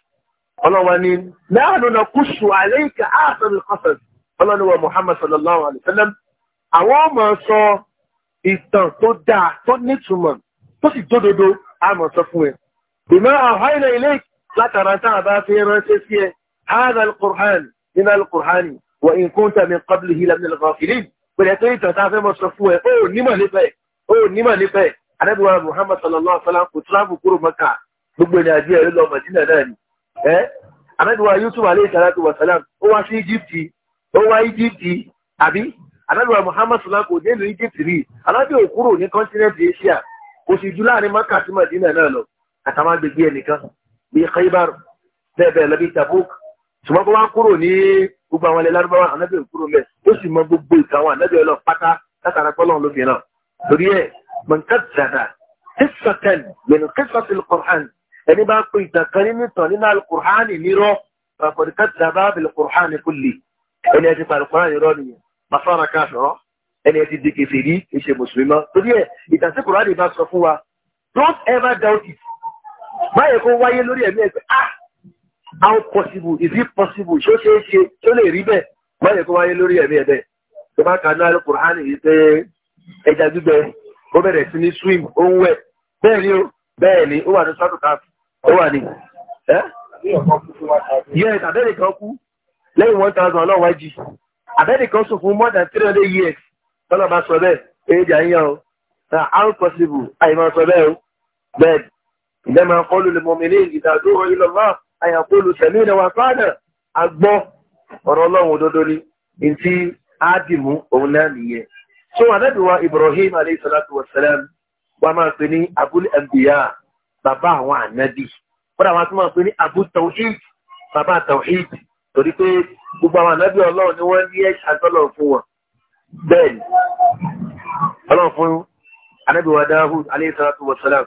ọlọ́wọ́ ni láàánú na kúṣù àlẹ́yìnkà ààtàn lọ́sàn ọlọ́niwọ̀ Muhammad sallallahu alayhi wa sallam àwọn ọmọ sọ ìtàn tó dáa tó nítumọ̀ tó sì dódodo àmọ̀ sọ fún ẹ bima ahayna ilayk látara tá a bá fi ránṣẹ́ sí ẹ hadha al-Qur'an min al-Qur'an wa in kunta min qablihi la min al-ghafilin pẹ̀lẹ́ pé ìtàn tá a fẹ́ mọ sọ fún ẹ ó nímọ̀ nípa ẹ ó nímọ̀ nípa ẹ anábìwá Muhammad sallallahu alaihi wa sallam kò tíráàbù kúrò Mẹ́kà gbogbo ẹni àjẹ́ ẹ̀rí lọ Mẹdínà náà ni ẹ́ anábìwá Yusuf alaihi salatu wa kò sì ju láàrin maka àti madina náà lọ àtàwọn agbègbè ẹnìkan bíi khaybar bẹ́ẹ̀ bẹ́ẹ̀ lọ bíi tabuk ṣùgbọ́n kó wá kúrò ní gbogbo àwọn ilẹ̀ lárúbáwá ànábì kúrò mẹ́ ó sì mọ gbogbo ìtàwọn ànábì ọlọ pátá látara pọ́lọ́ lóbi náà torí ẹ̀ mọ̀nkàtàdà tẹ́sítọ̀tẹ́n lẹ́nu kẹsàtì alukur'an ẹni bá pe ìtàn kan nínú ìtàn nínú alukur'an nírọ́ àkọ́dí kẹsàtà bá bẹ̀rẹ̀ alukur'an kúlì ẹni ẹ ẹni ẹ ti di kèfèrí ìṣe mùsùlùmí mọ́ torí ẹ̀ ìtàsí kùránì bá sọ fún wa don't ever doubt it báyẹ̀ kó wáyé lórí ẹ̀mí ẹ̀gbẹ́ ah how possible is it possible ṣó ṣe é ṣe ṣó lè rí bẹ́ẹ̀ báyẹ̀ kó wáyé lórí ẹ̀mí ẹ̀bẹ̀ tó bá kanú àlọ́ kùránì yìí pé ẹja gbígbẹ ó bẹ̀rẹ̀ sí ní swim ó ń wẹ̀ bẹ́ẹ̀ ni ó bẹ́ẹ̀ ni ó wà ní sọ́tù káf ó wà ní ẹ́ yes abẹ́rẹ́ kan kú lẹ́yìn one thousand ọlọ́wájì abẹ́rẹ́ kan sùn fún more than three hundred years tọ́lọ̀ bá sọ bẹ́ẹ̀ èéjà ń yàn o na how possible àìmọ̀ sọ bẹ́ẹ̀ o bẹ́ẹ̀ ìdẹ́ máa kọ́ lulẹ̀ mọ̀mí ní ìdádúró ìlọ́lá àyàkó lu tẹ̀mí ìnáwó fáàdà agbọ́ ọ̀rọ̀ ọlọ́run òdodo ni ntí ádìmú òun náà nìyẹn. so anábìwá Ibrahim alayhi salatu wa salam wàá máa pè ní abul anbiya bàbá àwọn ànábì kódà wàá tún máa pè ní abu tawhid bàbá tawhid torí pé gbogbo àwọn ànábì ọlọ́run ni wọ́n ní ẹ̀ṣà bẹ́ẹ̀ ni ọlọ́run fún anábì wa Dawud alayhi salatu wa salam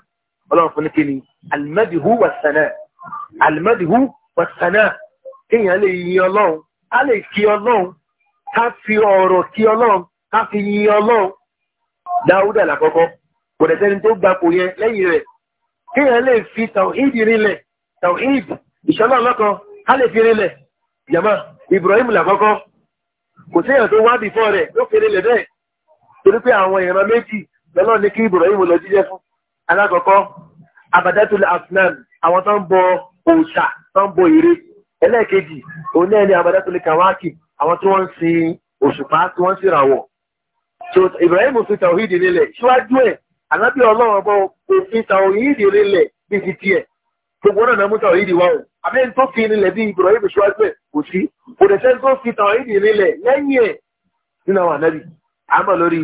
ọlọ́run fún ní kíni alimadihu wa sana alimadihu wa sana kéèyàn lè yin ọlọ́run a lè kí ọlọ́run ká fi ọ̀rọ̀ kí ọlọ́run ká fi yin ọlọ́run Dawud àlàkọ́kọ́ kò dẹ̀ sẹ́ni tó gbapò yẹn lẹ́yìn rẹ̀ kéèyàn lè fi tàwíìdì rinlẹ̀ tàwíìdì ìṣọ́nà ọlọ́kan ká lè fi rinlẹ̀ jama Ibrahim làkọ́kọ́ kò sí èèyàn tó wá fọ́ rẹ̀ ló kéré lẹ̀ bẹ́ẹ̀ torí pé àwọn ìran méjì lọ́lọ́ ní kí Ibrahim lọ jíjẹ́ fún alákọ̀ọ́kọ́ abadatul asnam àwọn tó ń bọ òòṣà tó ń bọ ère ẹlẹ́ẹ̀kejì òun náà ni abadatul kawaki àwọn tí wọ́n ń sin òṣùpá tí wọ́n ń ràwọ̀ so Ibrahim fi síwájú ẹ̀ ọlọ́run òfin gbogbo náà náà mú tàwọn ìdí wa o àmì ẹni tó fi nílẹ̀ bí ibrahim ṣíwájú ẹ̀ kò sí kò dẹ̀ sẹ́ni tó fi tàwọn ìdí nílẹ̀ lẹ́yìn ẹ̀ nínú àwọn ànábì àmọ́ lórí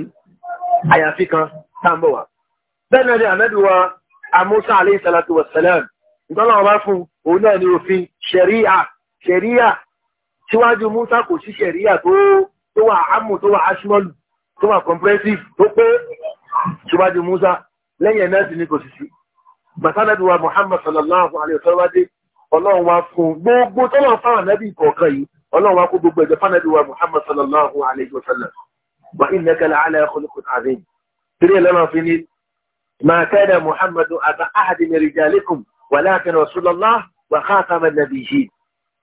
àyàfi kan táǹbọ̀ wa bẹ́ẹ̀ náà ni ànábì wa amúsá aleyhi salatu wa salam ìtọ́nà ọba fún òun náà ni òfin ṣẹ̀ríà ṣẹ̀ríà síwájú musa kò sí ṣẹ̀ríà tó tó wà ámù tó wà aṣmọ́lù tó wà comprehensive tó pé síwájú musa lẹ́yìn ẹ̀ náà sì ni kò sì sí gbàtánàbí wa Muhammad sallallahu alayhi wa sallam dé ọlọ́run wa fún gbogbo tọ́lọ̀ fáwọn nẹ́bí kọ̀ọ̀kan yìí ọlọ́run wa kó gbogbo ẹ̀jẹ̀ fánàbí wa Muhammad sallallahu alayhi wa sallam wa innaka la'ala khuluqin azim tiri lọ́nà fi ni ma kana Muhammadu aba ahadi min rijalikum walakin rasulallah wa khataman nabiyyin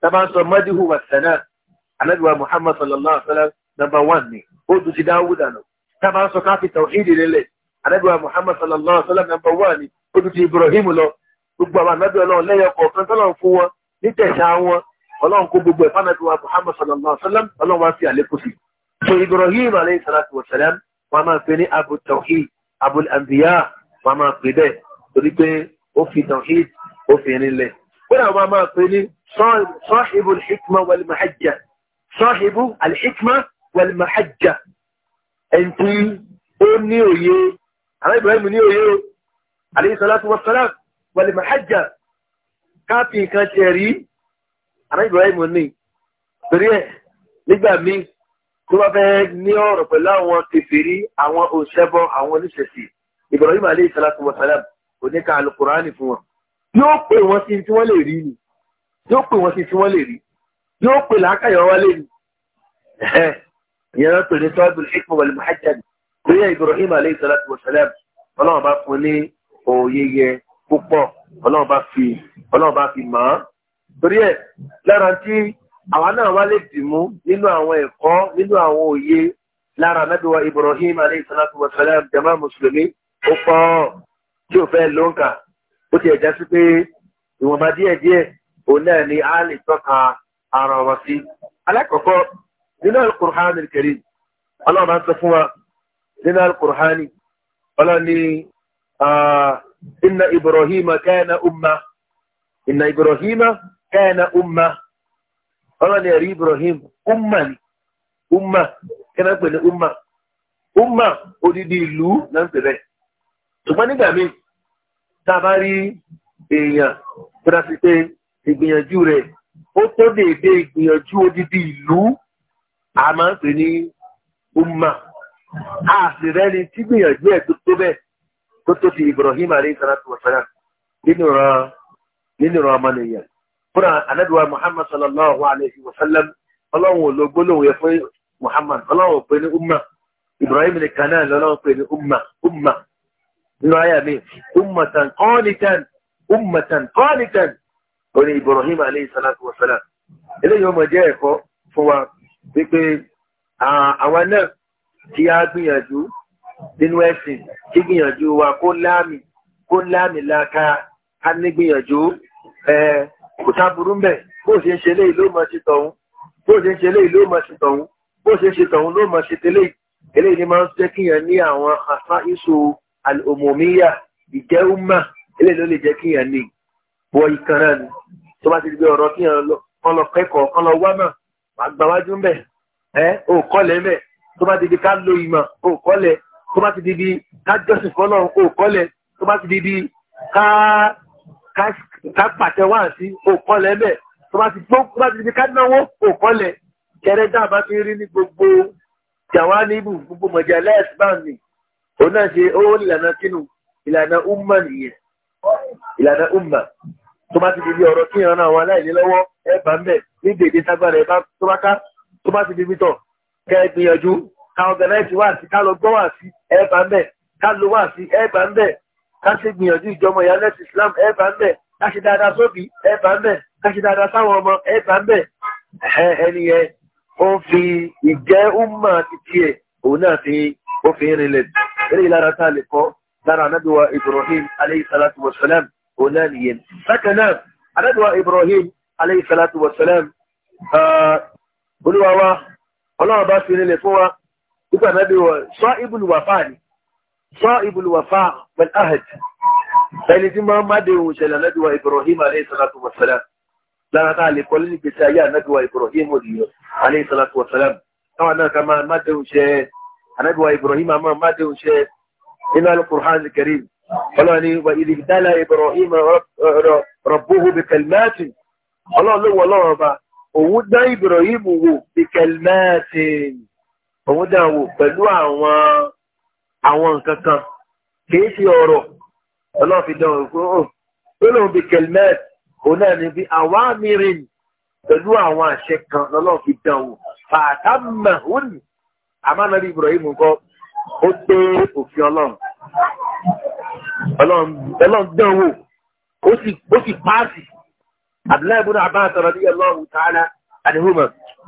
taba sọ madihu wa sana anabi wa Muhammad sallallahu alayhi wa sallam number one ni ó dùn sí dáwúdà náà taba tawhidi lélẹ̀ anabi wa Muhammad sallallahu alayhi wa sallam number one ni ó tún ti Ibrahim lọ gbogbo àwọn ànábì ọlọ́run lẹ́yìn ọkọ̀ kan tọ́lọ́run fún wọn ní tẹ̀sà wọn ọlọ́run kó gbogbo ẹ̀fọ́n àti wa Muhammad sallallahu alaihi wa sallam ọlọ́run wá sí àlékún sí. so Ibrahim alayhi salatu wa salam wọn máa pè ní abu tawhid abu anbiya wọn máa pè bẹ́ẹ̀ torí pé ó fi tawhid ó fi rinlẹ̀ kódà wọn máa pè ní sọ́ọ̀hìbù alhikma wal mahajja sọ́ọ̀hìbù alhikma wal mahajja ẹ̀ǹtí ó ní òye àwọn Ibrahim ní òye o alayhi salatu wa salam wal mahajja káàpì kan tiẹ̀ rí àná Ibrahim ní torí ẹ̀ nígbà míì tó bá fẹ́ ní ọ̀rọ̀ pẹ̀lú àwọn kèfèrí àwọn òṣèbọ àwọn oníṣẹ̀ṣì Ibrahim alayhi salatu wa salam oníka alukurani fún wọn yóò pè wọn sí tí wọ́n lè rí ni yóò pè wọn sí tí wọ́n lè rí yóò pè lákàyọ wọn lè ìyẹn náà pè ní sọ́ọ́bù ìkùn wal muhajjad lórí Ibrahim alayhi salatu wa salam ọlọ́run bá fún ní òye yẹ púpọ̀ ọlọ́run bá fi ọlọ́run bá fi mọ̀ ọ́ torí ẹ̀ lára tí àwa náà wá lè dìmú nínú àwọn ẹ̀kọ́ nínú àwọn òye lára anábìwá Ibrahim aleyhisalatu wasalam jama mùsùlùmí ó pọ̀ tí ò fẹ́ ló ń kà ó ti ẹ̀já sí pé ìwọ̀nba díẹ̀díẹ̀ sọ fún wa nínú alukur'an ọlọ́run Aaa ah, nna Iburohima ka ya na umma, Inna Iburohima ka ya na umma, ọla n'eri Ibrahim umma nị, umma ka na-agbalị umma, umma ọ dị di lụọ na ntere. N'agbanyeghị ami ka mara ihi ịnya tụtara site na igbinya jụụ rè foto dị ebe igbinya jụụ ọ dị a na-adịbeghị na igbinya jụọ egwuregwu tó tó ti ibrahim alayhi salatu wa salam nínú ran nínú ran ọmọnìyàn fúnra anabiwa muhammad sallallahu alayhi wa sallam ọlọ́run ò lo gbólóhùn yẹn fún muhammad ọlọ́run ò pe ní umma ibrahim nìkan náà lọ́lọ́run pe ní umma umma nínú àyà mi ummatan qanitan ummatan qanitan orí ibrahim alayhi salatu eléyìí ọmọ jẹ́ ẹ̀kọ́ fún wa wípé àwa náà kí á gbìyànjú nínú ẹ̀sìn kí gbìyànjú wa kó láàmì kó láàmì láka ká ní gbìyànjú kò sáburú ń bẹ̀ bó ṣe ń ṣe lé ìlú mọ̀ sí tọ̀hún bó ṣe ń ṣe lé ìlú mọ̀ sí tọ̀hún bó ṣe ń ṣe tọ̀hún ló mọ̀ sí tẹ́lẹ̀ eléyìí ni máa ń jẹ́ kíyàn ní àwọn àṣà ìṣò àlòmòmíyà ìjẹ́ ọmọ eléyìí ló lè jẹ́ kíyàn ní wọ ìkànnà ni tó bá ti di ọ̀rọ̀ kíyàn kan lọ kẹ́kọ̀ọ́ kan lọ wá náà gbàwájú ń bẹ̀ ẹ́ òkọ́lẹ̀ ń tó bá ti di ká lo ìmọ̀ òkọ́lẹ̀ tó bá ti di bí ká jọ́sìn fọ́lọ́run kò kọ́lẹ̀ tó bá ti di bí ká pàtẹ wá sí kò kọ́lẹ̀ bẹ́ẹ̀ tó bá ti di bí ká náwó kò kọ́lẹ̀ kẹrẹ dáàbá fi rí ní gbogbo jàwá níbù gbogbo mọ̀jà lẹ́ẹ̀sìbáǹdì òun náà ṣe ó nílànà kínú ìlànà umma nìyẹn ìlànà umma tó bá ti di bí ọ̀rọ̀ kí ìran àwọn aláìní lọ́wọ́ ẹ bá ń bẹ̀ ní gbèdé sagbára ẹ bá tó bá ká tó bá ti di bí tọ̀ kẹ́ ẹ gbìyànjú ká ọ̀gẹ̀láìtì wà sí ká lọ gbọ́ wà sí ẹ̀ẹ́bà ń bẹ̀ ká lo wà sí ẹ̀ẹ́bà ń bẹ̀ ká ṣe gbìyànjú ìjọmọ ìyálẹ́sì Islam ẹ̀ẹ́bà ń bẹ̀ ká ṣe dáadáa sóbì ẹ̀ẹ́bà ń bẹ̀ ká ṣe dáadáa sáwọn ọmọ ẹ̀ẹ́bà ń bẹ̀ ẹni yẹn ó fi ìjẹ́ umma títí ẹ̀ òun náà fi ó fi rinlẹ̀ eré lára tá a lè kọ́ lára anábìwa Ibrahim alayhi salatu wa salam òun nìyẹn nípa nàbí wọn sọ ìbùlùwàfà ni sọ ìbùlùwàfà pẹ̀lú ahad ẹni tí máa ń má déhùn ìṣẹ̀lẹ̀ nàbí wa Ibrahim alayhi salatu wa salam lára tá a lè kọ́ lónìí gbèsè ayé ànábì wa Ibrahim òdìyọ alayhi salatu wa salam táwọn náà ká máa má déhùn ṣe ànábì wa Ibrahim àmọ́ má déhùn ṣe inú al-Qur'an al-Karim ọlọ́run ni wa idh ibtala Ibrahim rabbuhu bi kalimatin ọlọ́run ló wọ ọlọ́run ọba dá Ibrahim wò bi kalimatin òun dàn wò pẹ̀lú àwọn àwọn nǹkan kan kìí ṣe ọ̀rọ̀ ọlọ́run fi dán òkú oh, ó lóun bí kelmet òun náà ní bí àwa mìíràn pẹ̀lú àwọn àṣẹ kan lọ́lọ́run fi dán wò fàtàmà òun àmàlàbí ibrahim nǹkan ó dé òfin ọlọ́run ọlọ́run dán wò ó sì páàsì abdullahi ibùdó abáàtọ̀ ní ọlọ́run tààlà àdéhùn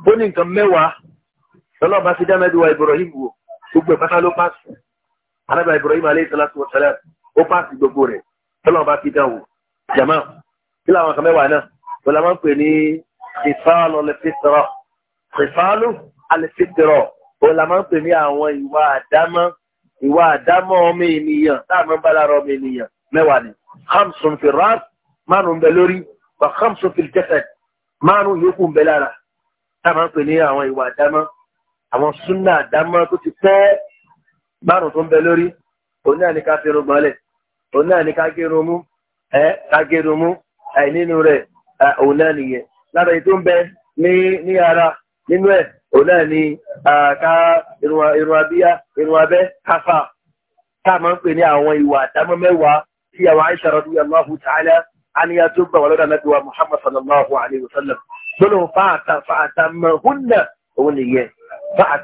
mọ̀ nǹkan mẹ́wàá lọ́lọ́ bá fi dámẹ́bí wa ibrahim wo gbogbo ìpátá ló pàṣẹ alábà ibrahim aleyhi salatu wa salam ó pàṣẹ gbogbo rẹ̀ lọ́lọ́ bá fi dánwò jama kí làwọn kan mẹ́wàá náà wọ́n la máa ń pè ní ìfáàlù alẹ́fẹ́tẹ̀rọ̀ ìfáàlù alẹ́fẹ́tẹ̀rọ̀ wọ́n la máa ń pè ní àwọn ìwà àdámọ́ ìwà àdámọ́ ọmọ ènìyàn táàmù bálára ọmọ ènìyàn mẹ́wàá ni hamsun fi ras márùn bẹ lórí wa hamsun fi jẹsẹ̀ márùn yòókù bẹ lára táàmù pè ní àwọn ìwà àdámọ́ àwọn súnà àdámọ́ tó ti pẹ́ márùn tó ń bẹ lórí òun náà ní ká fi irun gbọ́nlẹ̀ òun náà ní ká gé irun mú ẹ ká gé irun mú ẹ nínú rẹ̀ òun náà nìyẹn lára èyí ń bẹ ní ara nínú ẹ̀ òun náà ká irun abíyá irun abẹ́ káfà tá ń pè ní àwọn ìwà àdámọ́ mẹ́wàá tí àwọn Aisha radiyallahu ta'ala àníyá tó gbà wọ́n lọ́dà mẹ́tọ́wà Muhammad sallallahu alayhi wa sallam gbọ́dọ̀ fa'atammahunna òun nìyẹn fa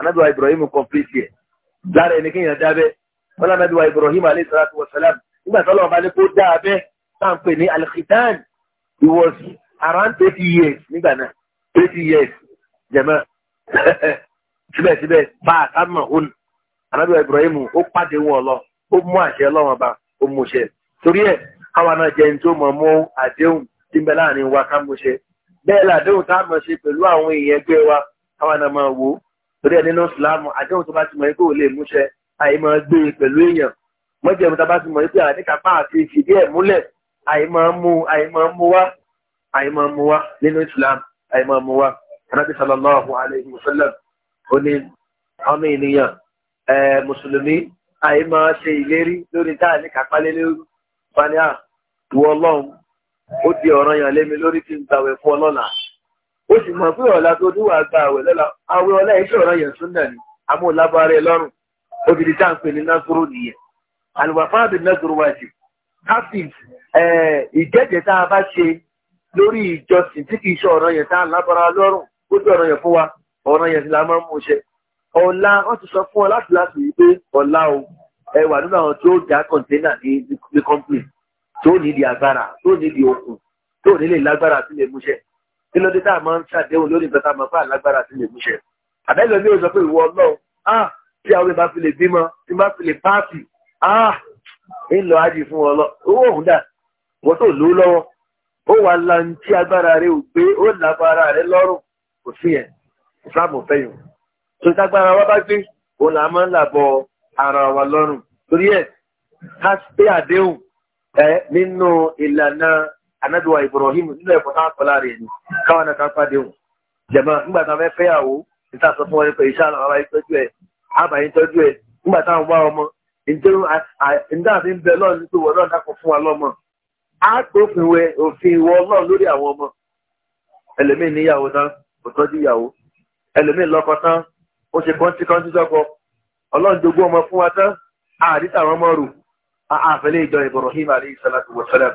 أنا anábìwá إبراهيم kọ́ńpìlìtì ẹ̀ lára ẹni kéèyàn dábẹ́ wọn anábìwá ibrahim alayhi salatu wa salam nígbà tó lọ́wọ́ bá ní kó dábẹ́ táà he was around 30 years nígbà náà thirty years jẹ̀mọ́ síbẹ̀síbẹ̀ fa àtàmàhún anábìwá ibrahim ó pàdé wọn lọ ó mú àṣẹ lọ́wọ́ bá ó mú ṣẹ torí ẹ̀ káwọn náà jẹ́ ní tó mọ̀ mú àdéhùn tí ń bẹ láàrin wa ká mú ṣe bẹ́ẹ̀ làdéhùn tá a mọ̀ ṣe pẹ̀lú àwọn èèyàn ẹgbẹ́ wa káwọn máa torí nínú àdéhùn tó bá ti mọ ikú múṣẹ àyè máa gbé e pẹ̀lú èèyàn mọ́jẹ̀mú tá bá ti mọ ikú àwọn níkàpá àti ìfìdí ẹ̀ múlẹ̀ àyè máa mú àyè máa mú wá àyè máa mú wá nínú ìsìlámù àyè máa mú wá ó ní ọmọ ènìyàn mùsùlùmí àyè máa ṣe ìlérí lórí táà níkàpá lé lórí fani à ìwọ ọlọ́run ó di lémi lórí ó sì mọ̀ pé ọ̀la tó níwà gba àwẹ̀ lọ́la àwẹ̀ ọ̀la iṣẹ́ ọ̀rọ̀ yẹn súnà ni àmọ́ lábárẹ̀ lọ́rùn obìnrin tá à ń pè ní násòrò nìyẹn àlùwàfáàbì násòrò wá sí hafiz ìjẹ́jẹ́ tá a bá ṣe lórí ìjọsìn tí kìí ṣe ọ̀rọ̀ yẹn tá a lábára lọ́rùn ó jẹ́ ọ̀rọ̀ yẹn fún wa ọ̀rọ̀ yẹn sì la máa ń mú ṣe ọ̀la wọ́n ti sọ fún ọ láti láti rí pé ọ̀la o ẹ wà nínú àwọn tó dá kọ̀ǹténà ní the company tó nídìí agbára tó nídìí okun tó nílé lágbára sílẹ̀ múṣẹ́ kí ló dé tá a máa ń ṣàdéhùn lórí nǹkan tá a máa fà lágbára sí lè múṣẹ àbẹ́lẹ̀ ní òsọ pé ìwọ ọlọ́run ah tí àwọn ìbá fi lè bímọ tí bá fi lè páàtì ah ń lọ ájì fún ọ lọ owó òun dà wọ́n tó lò ó lọ́wọ́ ó wà lantí agbára rẹ ò gbé ó lágbára rẹ lọ́rùn kò sí yẹn ìsìlámù fẹ́yìn tó tágbára wa bá gbé òun là máa ń làbọ̀ ara wa lọ́rùn torí ẹ̀ ká pé àdéhùn ẹ nínú ìlànà anábìwá Ibrahim nínú ẹ̀kọ́ tá a kọ́ láàrin ẹni káwọn náà ká pàdé wọn jẹ̀mọ́ nígbà tá a fẹ́ fẹ́yàwó níta sọ fún wọn pé iṣẹ́ àwọn ará ìtọ́jú ẹ̀ àbá ìtọ́jú ẹ̀ nígbà táwọn wá ọmọ níta fi ń bẹ lọ́ọ̀ nítorí wọn náà dákọ̀ fún wa lọ́mọ á gbófin wẹ òfin ìwọ Ọlọ́run lórí àwọn ọmọ ẹlòmíì níyàwó tán kò tọ́jú ìyàwó ẹlòmíì lọ́kọ tán ó ṣe kọ́ńtí kọ́ńtí sọ́kọ Ọlọ́run jogún ọmọ fún wa tán àdìsá àwọn ọmọ rù àfẹ́lẹ́ ìjọ Ibrahim alayhi salatu wa salam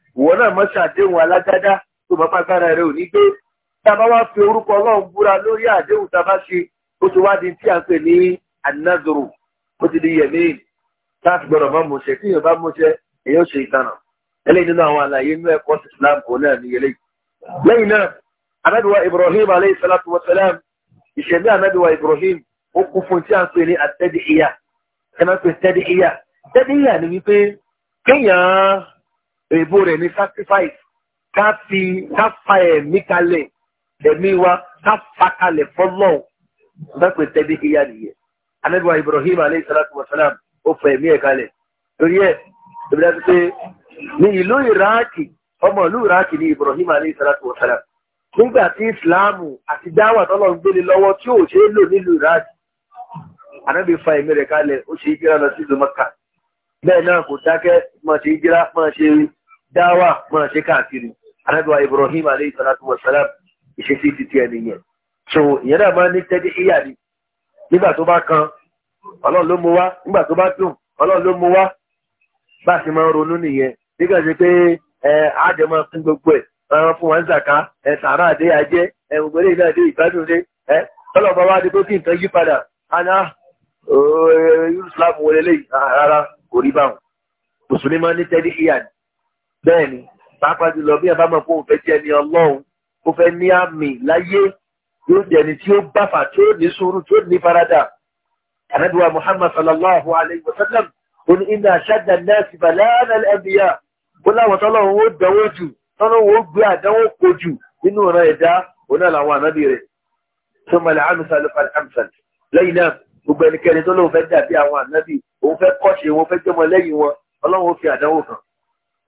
ìwọ náà mọ́ ṣàdéhùn alágbádá tó bá pàgbára rẹ ò ní gbé tábà wá fi orúkọ ọlọ́run búra lórí àdéhùn tábà ṣe ó ti wá di tí a ń pè ní anazoro ó ti di yẹmí láti gbọ́dọ̀ má mọṣẹ tí èèyàn bá mọṣẹ èèyàn ṣe ìtànà eléyìí nínú àwọn àlàyé inú ẹ̀kọ́ islam kò náà ní eléyìí lẹ́yìn náà anábìwá ibrahim aleyhi salatu wa salam ìṣẹ̀mí anábìwá ibrahim ó kún fún tí a ń pè ní atẹ́dìíyà ẹ máa ń pè tẹ́dìíyà tẹ́dìíyà ni wípé kéèyàn èbó rẹ̀ ni sacrifice ká fi ká fa ẹ̀mí kalẹ̀ ẹ̀mí wa ká fa kalẹ̀ fọ́lọ́ gbẹ́pẹ̀ tẹ́bí kíyà nìyẹn anabiwa Ibrahim aleyhi wa salam ó fa ẹ̀mí ẹ̀ kalẹ̀ torí ẹ̀ ìbílẹ̀ ti pé ní ìlú Iraki ọmọ ìlú Iraki ni Ibrahim aleyhi wa salam nígbà tí Ìsìláàmù àti dáwà tọ́lọ̀ ń gbélé lọ́wọ́ tí ò Iraki anabi fa ẹ̀mí rẹ̀ kalẹ̀ ó ṣe é lọ sí ìlú bẹ́ẹ̀ náà kò dákẹ́ máa dáwà máa ṣe káàkiri anábìwá Ibrahim aleyhi salatu wa salam ìṣesí ti ẹni yẹn. so ìyẹn náà máa ní tẹ́jú ìyá ni bá kan ọlọ́run ló mú wá bá dùn ọlọ́run ló mú wá bá a ṣe máa ronú nìyẹn nígbà tó pé ẹ bẹ́ẹ̀ ni pàápàá jùlọ bí ẹ̀bá mọ̀ pé òun fẹ́ jẹ́ ẹni ọlọ́run ó fẹ́ ní àmì láyé yóò jẹ́ ẹni tí ó bàfà tí ó ní sùúrù tí ó ní farada anabiwa muhammad sallallahu alayhi wa sallam ó ní iná ṣáda náà sì bàlẹ́ẹ̀nà ẹ̀bíyà ó láwọn tọ́lọ́run ó dánwó jù tọ́lọ́run ó gbé àdánwó pò jù nínú ọ̀ràn ẹ̀dá ó náà ànábì rẹ̀ tó mọ̀lẹ́ àmísà ló fa àmísà lẹ́yìn náà gbogbo ẹnikẹ́ni tó fẹ́ dàbí àwọn ànábì òun fẹ́ kọ́ṣe wọn fẹ́ jọmọ lẹ́yìn wọn ọlọ́run ó fi àdánwò kan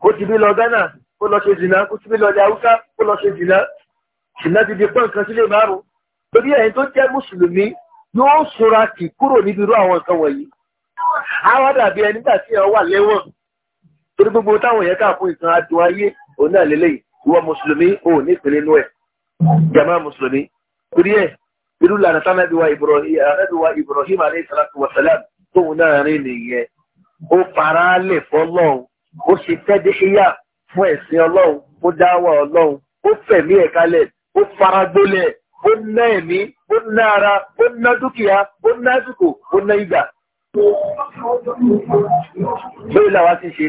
kó ti bí lọ ghana kó lọ ṣe zìnà kó ti bí lọ ilẹ̀ haúsá kó lọ ṣe zìnà zìnà ti di pọ́n nǹkan sílé márùn torí ẹ̀yin tó jẹ́ mùsùlùmí yóò sora kì kúrò níbi irú àwọn nǹkan wọ̀nyí àwa dàbí ẹni gbà tí ẹ wà lẹ́wọ̀n torí gbogbo táwọn yẹn káàkó ìtàn adùn ayé òun náà lélẹ́yìí ìwọ mùsùlùmí ò ní ìpele inú ẹ̀ jama mùsùlùmí torí ẹ̀ irú lànà tá nàbí wa ibrahim alayhi salatu wa salam tóun náà rìn nìyẹn ó fara lẹ̀ ó ṣe tẹ́díṣíyà fún ẹ̀sìn ọlọ́run ó dáwà ọlọ́run ó fẹ̀mí ẹ̀ kalẹ̀ ó faragbólẹ̀ ó ná ẹ̀mí ó ná ara ó ná dúkìá ó ná àsìkò ó ná ìgbà. lórí làwa ti ṣe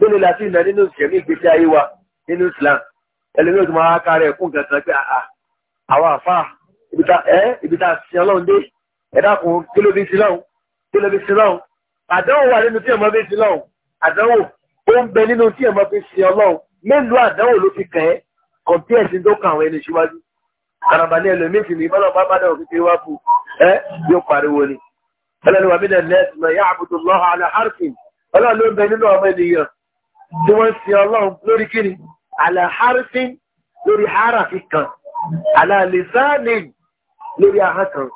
lórí la ti nà nínú ìṣẹ̀mí ìgbésí ayé wa nínú Islam ẹlẹ́mí òtún máa kára ẹ̀ fún gàtàn pé àwọn àfáà ibi tá a sin ọlọ́run dé ẹ̀dá kùn kí lọ́hùn kí ló lọ́hùn àdánwò wà nínú tí ọmọ fi sin lọ́hùn àdánwò ó ń bẹ nínú tí ẹ̀mọ́ fi sin ọlọ́run mélòó àdánwò ló fi kàn ẹ́ kọ̀ǹtí ẹ̀sìn tó kàn àwọn ẹni síwájú kàràbàní ẹlòmíì sì ní ìbálò bá bàdàn òfin ti wá fún ẹ yóò pariwo ni ọlọ́run wàmí nà nẹ́ẹ̀sì mọ̀ yá àbùdù lọ́hà àlà harfin ọlọ́run ló ń bẹ nínú ọmọ ènìyàn tí wọ́n sin ọlọ́run lórí kíni àlà harfin lórí hara fi kàn àlà lìsáàlì lórí ahọ́n kan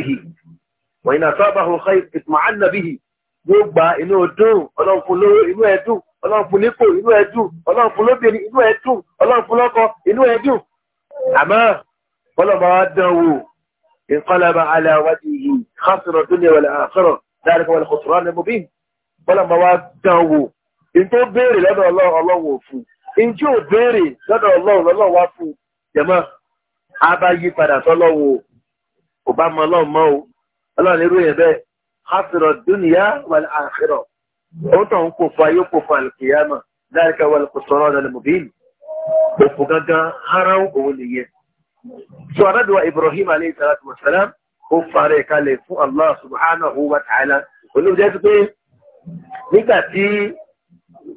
kí wọ́n iná sábà hàn ká ìtumọ̀ánà bíi yóò gba inú ọdún ọlọ́run fún lówó inú ẹ̀ dùn ọlọ́run fún nípò inú ẹ̀ dùn ọlọ́run fún lóbìnrin inú ẹ̀ dùn ọlọ́run fún lọ́kọ inú ẹ̀ dùn àmọ́ bọ́lọ̀mọ́ wa dán wò ìkọlẹ́bà aláwádìí yìí kásìrọ̀ dúnìyà wọlé àkọ́rọ̀ dáríkà wọlé kòtòrò ní mubin bọ́lọ̀mọ́ wa dán wò in tó béèrè lọ́dọ̀ ọlọ́run òfin in tí ò béèrè lọ́dọ̀ ọlọ́run irú yẹn bẹ́ẹ̀ hasrọ̀ dúnìyá wàlẹ̀ àkírọ̀ ó tàn kò fa yóò kò fa àlùkìyàmà láìka wàlẹ̀ kò sọ̀rọ̀ ọ̀dọ̀ lẹ́mọ̀bíìnì òfò gangan haram òun nìyẹn. sọ adáduwa ibrahim aleyhi salatu wa salam ó farẹ̀ kalẹ̀ fún allah subhanahu wa ta'ala olùjẹ́ sí pé nígbà tí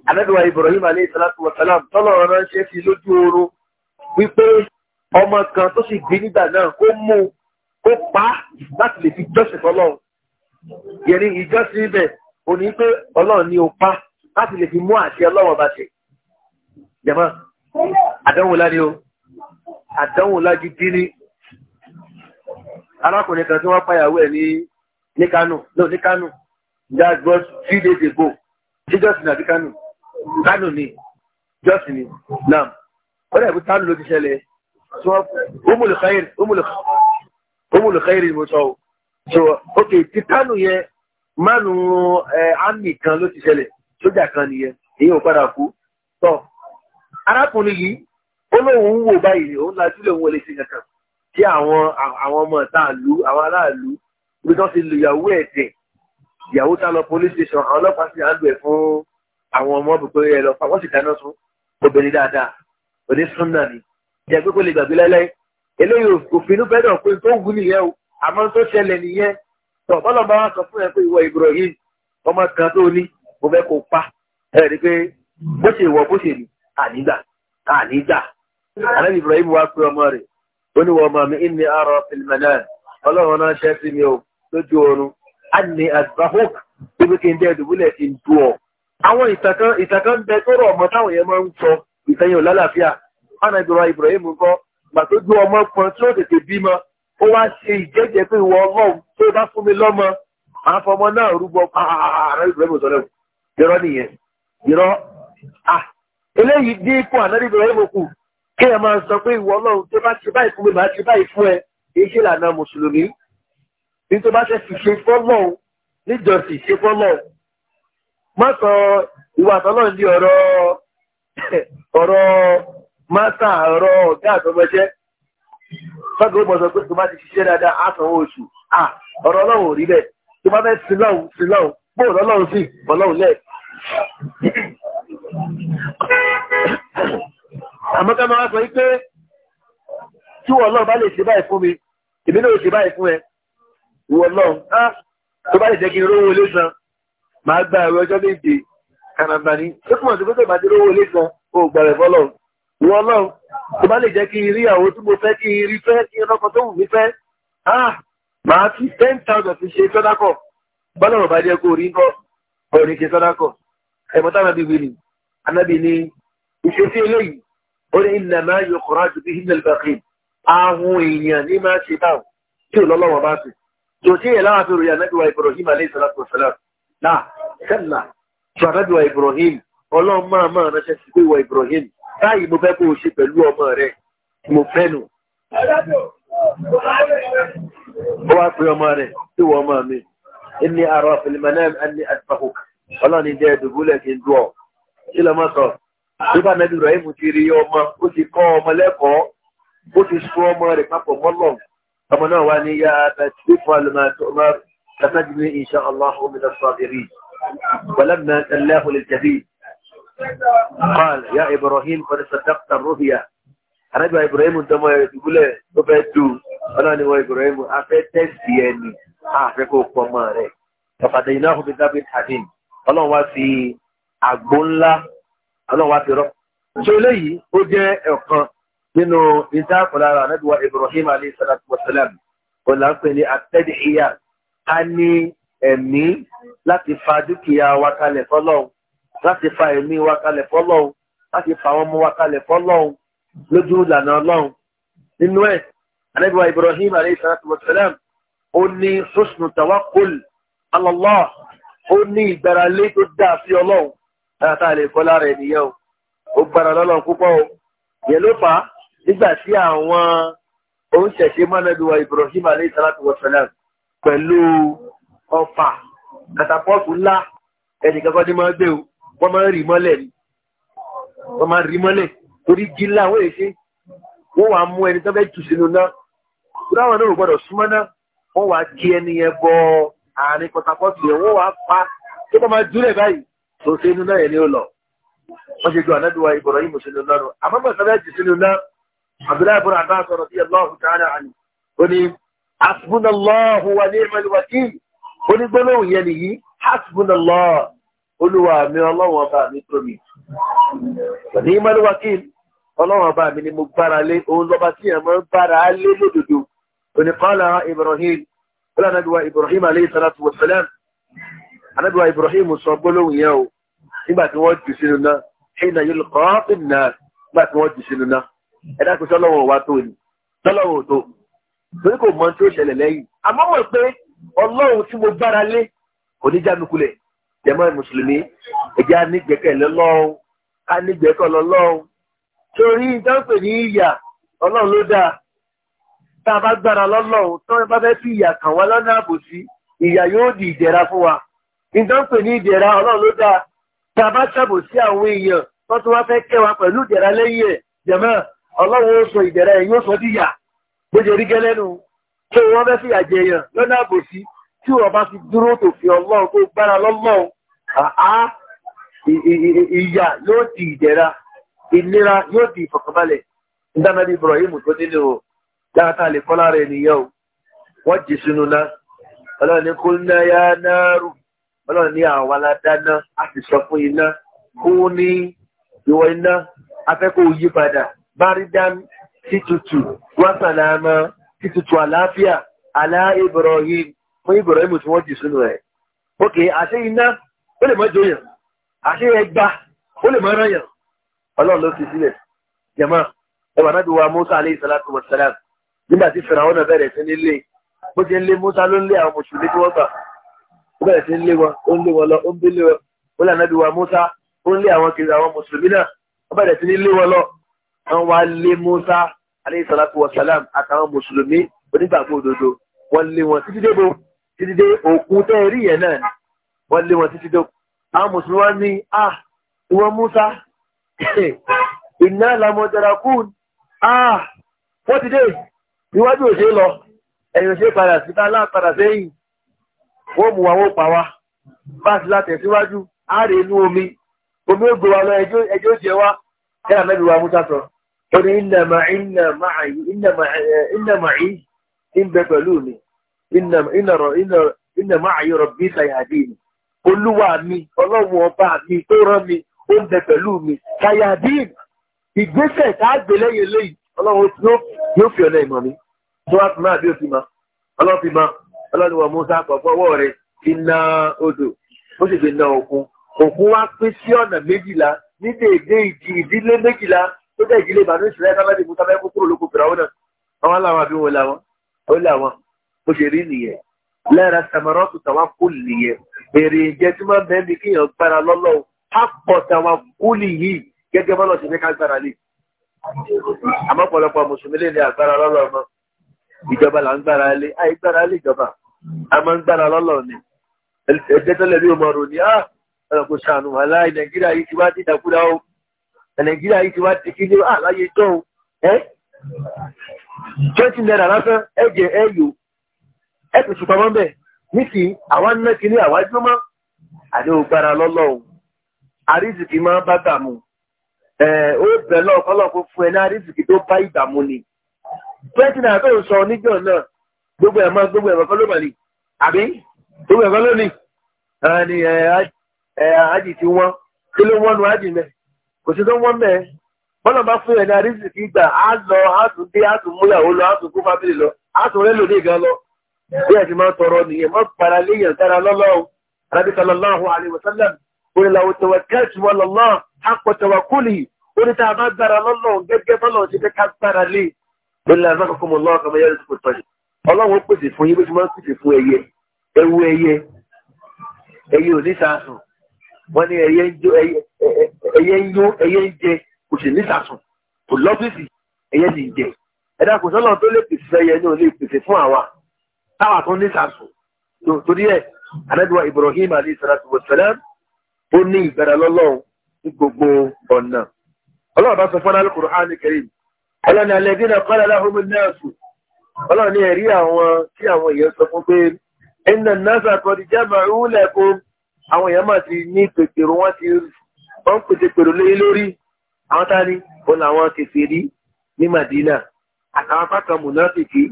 adáduwa ibrahim aleyhi salatu wa salam tọ́lọ̀ ránṣẹ́ sí lójú oorun wípé ọmọ kan tó sì gbé nígbà náà kó mú un ó pa láti lè fi jọ́sìn fọlọ́run yẹn ní ìjọ́sìn ibẹ̀ ò ní pé ọlọ́run ní o pa láti lè fi mú àṣẹ ọlọ́run ọba ṣe jẹ̀mọ́ àdánwò láni o àdánwò lájú ni ní arákùnrin kan tí wọ́n pàyàwó ẹ̀ ní ní kánò no ní kánò just got three days ago jesus nàbí kánò kánò ni just ni nam ó dàbí kánò ló ti ṣẹlẹ̀ tí wọ́n ó múlò káyẹ̀ ó múlò káyẹ̀ umul khairi mo sọ so ok titanu yẹn mánu ami kan ló ti ṣẹlẹ̀ sójà kan nìyẹn èyí ò padà kú tọ arákùnrin yìí ó lóun ń wò báyìí òun lajú lòun wọlé sí kankan kí àwọn àwọn ọmọ ìta àlú àwọn aráàlú ibi tí wọ́n ti lu ìyàwó ẹ̀ dẹ̀ ìyàwó tá lọ police station àwọn ọlọ́pàá sì àlù ẹ̀ fún àwọn ọmọ bùkún ẹ̀ lọ wọ́n sì dáná sun obìnrin dáadáa òní súnà ni ìjà pé lè gbàgbé láéláé eléyìí òfin bẹ́ẹ̀ pé tó wù nìyẹn o àmọ́ tó ṣẹlẹ̀ nìyẹn tó bọ́lọ̀ bá wà sọ fún ẹ pé ìwọ ibrahim ọmọ kan tó ní mo fẹ́ kó pa ẹ rí pé bó ṣe wọ bó ṣe lù ànígbà ànígbà alẹ́ ibrahim wá pé ọmọ rẹ̀ ó ní wọ́n mọ̀ mí ìní àárọ̀ fìlìmẹ̀nà ọlọ́run náà ṣẹ́ sí mi o lójú oorun á ní àgbàhók ibi kí n dẹ́ dùbúlẹ̀ ti ń du ọ. àwọn ìtàkàn ìtàkàn bẹ tó rọ̀ ọmọ táwọn yẹn máa ń sọ ìtẹ̀yìn ò lálàáfíà ánà ìgbìmọ̀ ibrahim kọ́ gbà tó gbé ọmọ kan tí ó tètè bímọ ó wá ṣe ìjẹ́jẹ́ pé ìwọ ọlọ́run tó bá fún mi lọ́mọ máa fọmọ náà rúbọ ààrẹ ìbúrẹ́mù sọlẹ̀ irọ́ nìyẹn irọ́ ah eléyìí dín ipò ànárí ìbúrẹ́mù kù kí ẹ máa sọ pé ìwọ ọlọ́run tó bá ṣe báyìí fún mi máa ṣe báyìí fún ẹ èyí ṣe lànà mùsùlùmí ní tó bá ṣe fi ṣe fọ́lọ́run níjọsí ṣe fọ́lọ́run má sọ ìwà àtọ́lọ́run di ọ̀rọ̀ ọ̀rọ̀ mátà ọ̀rọ̀ ọ̀gá àtọmọṣẹ́ fẹ́gbẹ́ gbọ́dọ̀ pé tó bá ti ṣiṣẹ́ dáadáa á sanwó oṣù à ọ̀rọ̀ ọlọ́run ò rí bẹ́ẹ̀ tó bá fẹ́ sílọ́hùn sílọ́hùn bóòlù ọlọ́run sì ọlọ́run lẹ̀. àmọ́ ká máa sọ pé tí wọ́n lọ́ọ̀ bá lè ṣe báyìí fún mi èmi náà ṣe báyìí fún ẹ wọ́n lọ́ọ̀ á tó bá lè jẹ́ kí n rówó ilé san màá gba ẹ̀rọ ọjọ́ méje kànàbà ní ó túmọ̀ sí pé tó ìbá ti rówó ilé san ó gbà rẹ̀ fọ́lọ́run ìwọ ọlọ́run tó bá lè jẹ́ kí n rí àwọn tí mo fẹ́ kí n rí fẹ́ kí n lọ́kọ tó wù mí fẹ́ ah màá fi ten thousand fi ṣe sọ́dákọ̀ bọ́lá ọ̀bá jẹ́ kó rí ń kọ́ ọ̀rẹ́ ṣe sọ́dákọ̀ ẹ̀mọ́ táwọn àbí wìlì anábì ní ìṣesí eléyìí ó ní ilẹ̀ máa yọ kọ̀ọ̀rọ̀ àti bí hillel bakrin àwọn èèyàn ní máa ṣe táwọn tí ò lọ́lọ́wọ́ bá ṣe tòtí ẹ̀ láwọn àfihàn ìyá anábìwá ibrahim aleyhisselatu wasalam náà kẹ́lá tí anábìwá ọlọ́run máa máa ránṣẹ́ sí pé wọ ibrahim báyìí mo fẹ́ kó o ṣe pẹ̀lú ọmọ rẹ mo fẹ́ nù. ó wá pe ọmọ rẹ tí wọ́n ọmọ mi ẹni àrò àfẹlẹmọ́nẹ́m ẹni àtìpàkò ọlọ́run ní jẹ́ ìdùbúlẹ̀ kí n dùọ̀ kí lọ́mọ sọ bí bá nàbí ibrahim ti rí ọmọ ó ti kọ́ ọmọ lẹ́kọ̀ọ́ ó ti sún ọmọ rẹ papọ̀ mọ́lọ̀ ọmọ náà wá ní yá àtàtìpọ̀ àlùmọ́ àtàtìpọ̀ قال يا إبراهيم قد صدقت الرؤيا arábìá ibrahim dánmọ́ ẹ̀rẹ̀ dùbúlẹ̀ tó fẹ́ dù ọlọ́ni wọ ibrahim afẹ́ tẹ́sì ẹni àfẹ́ kó pọ̀ mọ́ rẹ̀ ọ̀pàdé iná fún bíjábí tàdín ọlọ́run wá fi àgbo ńlá ọlọ́run wá fi rọ́. ṣé eléyìí ó jẹ́ ọ̀kan nínú ìdáàkọ̀lára anábìwá ibrahim alayhi salatu wa salam ọ̀làǹpẹ̀ ní atẹ́dìhíyà a ní ẹ̀mí láti fa dúkìá wa kalẹ̀ fọlọ́run láti fa ẹ̀mí wa kalẹ̀ fọ́lọ́hun láti fa àwọn ọmọ wa kalẹ̀ fọ́lọ́hun lójú ìlànà ọlọ́run nínú ẹ̀ anábíwá ibrahim aleyhi salatu wa salam ó ní husnu tawakkul ala Allah ó ní ìgbáralé tó dáa sí ọlọ́run látà lè kọ́ lára ènìyàn o ó gbára lọ́lọ́run púpọ̀ o yẹn ló fà á nígbà tí àwọn oníṣẹ̀ṣe mọ́nàdùwà ibrahim aleyhi salatu wa salam pẹ̀lú ọfà katapọ́ọ̀tù ńlá ẹnìkan kọ́ ní máa gbé o wọ́n máa ń rí mọ́lẹ̀ ni wọ́n máa ń rí mọ́lẹ̀ torí gíńlá wọ́n èṣe wọ́n wàá mú ẹni tó fẹ́ jù sínú náà kúrò àwọn náà ò gbọ́dọ̀ súnmọ́ náà wọ́n wàá gé ẹni yẹn bọ àárín pọtakọ́tù yẹn wọ́n wàá pa tó bá máa dúró ẹ̀ báyìí tó ṣe inú náà yẹn ni ó lọ wọ́n ṣe ju ànádùwà ìbọ̀rọ̀ yìí mùsùlùmí náà nù àmọ́ bọ̀ sábẹ́ jù sínú náà olúwa mi ọlọ́wọ́n ọba mi tó mi ní mọ́lúwakíl ọlọ́wọ́n ọba mi ni mo gbára lé òun lọ́ba tí ẹ̀mọ́ ń bára lé lódòdó oníkọ́lá ibrahim ọlọ́nàdùwà ibrahim aleyhi salatu wa salam anábìwà ibrahim sọ gbólóhùn yẹn o nígbà tí wọ́n jù sínú náà ṣéyìnà yìí lọ́kọ́ ìnà nígbà tí wọ́n jù sínú náà ẹ̀dá kò sọ́lọ́wọ́ wa tó ni sọ́lọ́wọ́ tó torí kò mọ tí ó ṣẹlẹ̀ lẹ́yìn àmọ́ mọ̀ pé ọlọ́run tí mo gbára lé kò ní jẹmọ́ mùsùlùmí ẹ̀jẹ̀ anígbẹ̀kẹ̀lẹ́ lọ́hùn anígbẹ̀kẹ̀lẹ́ lọ́hùn torí ìdánpè ní ìyà ọlọ́run ló dáa tá a bá gbára lọ́lọ́run tó bá fẹ́ fi ìyà kàn wá lọ́nà àbòsí ìyà yóò di ìdẹ̀ra fún wa ìdánpè ní ìdẹ̀ra ọlọ́run ló dáa tá a bá ṣàbòsí àwọn èèyàn tó tún wá fẹ́ kẹ́ wa pẹ̀lú ìdẹ̀ra lẹ́yìn ẹ̀ jẹ̀mọ́ ọlọ́run ó sọ ìdẹ̀ra ẹ̀ yóò sọ díyà gbèjè rí gẹ́lẹ́nu tó wọ́n fẹ́ fi àjẹyàn lọ́nà àá ìyà yóò di ìdẹ̀ra ìlera yóò di ìfọ̀kànbalẹ̀ ìdánábí Ibrahim tó nílò dáadáa lè o wọ́n jì sínú náà ọlọ́run ní kó ná yá náà rù ọlọ́run ní àwa la dáná a sì sọ fún iná kó ní ìwọ iná afẹ́kọ̀ọ́ yí padà ala títutù wásàlámà títutù àlàáfíà alá Ibrahim fún Ibrahim tí wọ́n sínú àṣẹ iná ó lè mọ́ jòyàn àṣẹ ẹgbà ó lè mọ́ ráyàn ọlọ́run ló fi sílẹ̀ jẹ̀mọ́ ẹwà náà ti wá musa aleyhi salatu wa salam nígbà tí fìràwọ́ náà bẹ̀rẹ̀ sí ní lé bó ti ń lé musa ló ń lé àwọn mùsùlùmí tí wọ́n gbà ó bẹ̀rẹ̀ sí ń lé wọn ó ń lé wọn lọ ó ń bí lé wọn ó lànà bí wa musa ó ń lé àwọn kiri àwọn mùsùlùmí náà ó bẹ̀rẹ̀ sí ní lé wọn lọ wọ́n wá lé musa aleyhi salatu wa salam àtàwọn mùsùlùmí onígbàgbọ́ òdodo wọ́n lé wọn títí dé bo títí dé òkun tẹ́ yẹn náà wọ́n lé wọn títí dókù àwọn mùsùlùmí wá ní à ìwọ musa ìná lamọ̀dára kù à wọ́n ti dé níwájú òṣè lọ ẹ̀yìn òṣè padà síta láàpadà sẹ́yìn wọ́n mú wa wọ́n pa wa bá a ti látẹ̀ síwájú á rè inú omi omi ó gbé wa lọ ẹjọ́ jẹ wa ẹ̀rọ mẹ́bí wa musa sọ ó ní ìnàmà ìnàmà ìnàmà ìnbẹ pẹ̀lú mi ìnàmà ìnàmà àyè rọ̀bí sàyàdì mi olúwa mi ọlọ́run ọba mi tó rán mi ó ń bẹ pẹ̀lú mi sayadin ìgbésẹ̀ tá a gbé lẹ́yìn eléyìí ọlọ́run yóò fi ọ̀nà ìmọ̀ mi tó wá fi máa bí ó ti máa ọlọ́run fi máa ọlọ́run wọ̀ musa pọ̀pọ̀ ọwọ́ rẹ̀ ti na odò ó sì fi na òkun òkun wá pín sí ọ̀nà méjìlá ní dèédé ìdí ìdílé méjìlá tó jẹ́ ìdílé ìbànú ìṣẹ̀lẹ̀ tábàdì musa bẹ́ẹ̀ kúrò lóko fìràwọ́ náà àwọn aláwọ̀ àbí wọn làwọn ó làwọn bó ṣe rí nìyẹn lára samarọ́tù tàwa kú nìyẹn èrè ìjẹ́ tí máa bẹ́ẹ̀ bí kí èèyàn gbára lọ́lọ́run á pọ̀ tàwa kú nìyí gẹ́gẹ́ bọ́lá ṣe fẹ́ ká gbára lé àmọ́ pọ̀lọpọ̀ mùsùlùmí lè ní agbára lọ́lọ́run náà ìjọba là ń gbára lé àì gbára lé ìjọba a máa ń gbára lọ́lọ́run ni ẹ̀jẹ̀ tẹ́lẹ̀ bí ọmọ rò ní á ah, ẹ̀rọ kò ṣàánú nàìjíríà yìí ti wá ẹ kò ṣùgbọ́n wọn bẹ̀ nífi àwa ń mẹ́kì ní àwa jọmọ́ àdé ògbára lọ́lọ́run àrísìkì máa bá dààmú ẹ ó bẹ̀ lọ́ọ̀ fún ẹ ní tó bá ni twenty nine tó ń sọ gbogbo ẹ̀ máa gbogbo ẹ̀ kọ́ ló ni àbí gbogbo ẹ̀ kọ́ ló ní ẹni ẹ ájì tí wọ́n kí ló wọ́n nu mẹ́ kò sí tó wọ́n mẹ́ bọ́lá bá fún ní gbà á lọ á tún dé á bí ẹ̀ ti máa tọrọ nìyẹn mọ́ para léèyàn sára lọ́lọ́run arábí sallallahu alayhi wa sallam onílàwọ̀ tawakkaltu wa Allah haqqa tawakkuli oní tá a bá gbára lọ́lọ́run gẹ́gẹ́ bọ́lọ̀ ti fẹ́ ká gbára lé lónìí àbákọ́kọ́ mọ́ lọ́wọ́ kọ́mọ yẹ́rù tó tọ́jú ọlọ́run ó pèsè fún yín bó ti máa ń pèsè fún ẹyẹ ẹwu ẹyẹ ẹyẹ ò ní sàásùn wọ́n ní ẹyẹ ń jó ẹyẹ táwà tó ní sàṣù torí ẹ̀ anẹ́dùwà ibrahim alayhi salatu wa salam ó ní ìbẹ̀rẹ̀ lọ́lọ́run ní gbogbo ọ̀nà ọlọ́run bá sọ fún alukoro hàn kẹrin ọlọ́run alẹ́ dínà kọ́lá láhùnmí náà sùn ọlọ́run ní ẹ̀rí àwọn tí àwọn èèyàn sọ fún pé ẹ̀nà nasa kọ́ni jẹ́mà rúlẹ̀ kó àwọn èèyàn máa ti ní pèpèrò wọn ti wọn pèsè pèrò lé lórí àwọn tá ni ó làwọn kèfèrí ní madina àtàwọn apá kan mùnáfìkì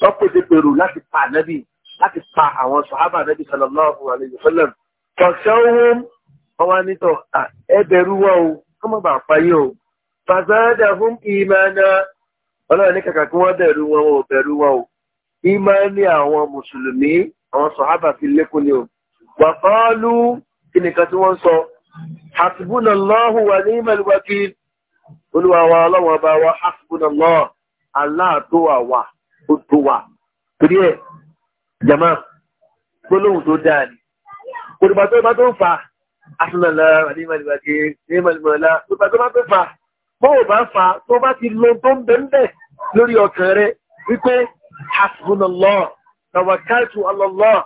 sọ́pèsè pèrò láti pa ànábì láti pa àwọn sàhábà ànábì sallallahu alayhi wa sallam kọ̀ṣẹ́ ohun ọwọ́ nítọ̀ ẹbẹ̀rú wọ́ o kọ́ mọ̀ bá payé o fàṣẹ́dà fún ìmọ̀nà ọlọ́run ní kàkà kí wọ́n bẹ̀rù wọn o bẹ̀rù wọn o ìmọ̀ni àwọn mùsùlùmí àwọn sàhábà fi lékún ni o wàfọ́ọ́lù kí ó tó wà torí ẹ̀ jama gbólóhùn tó dáa ni olùbà tó bá tó ń fa asúnàlá àdéhìmọ̀lìmọ̀lì àdéhìmọ̀lìmọ̀lá olùbà tó bá tó fa bó o bá fa tó bá ti lo tó ń bẹ̀ ń bẹ̀ lórí ọkàn rẹ wípé hasbunallah tawakaltu alallah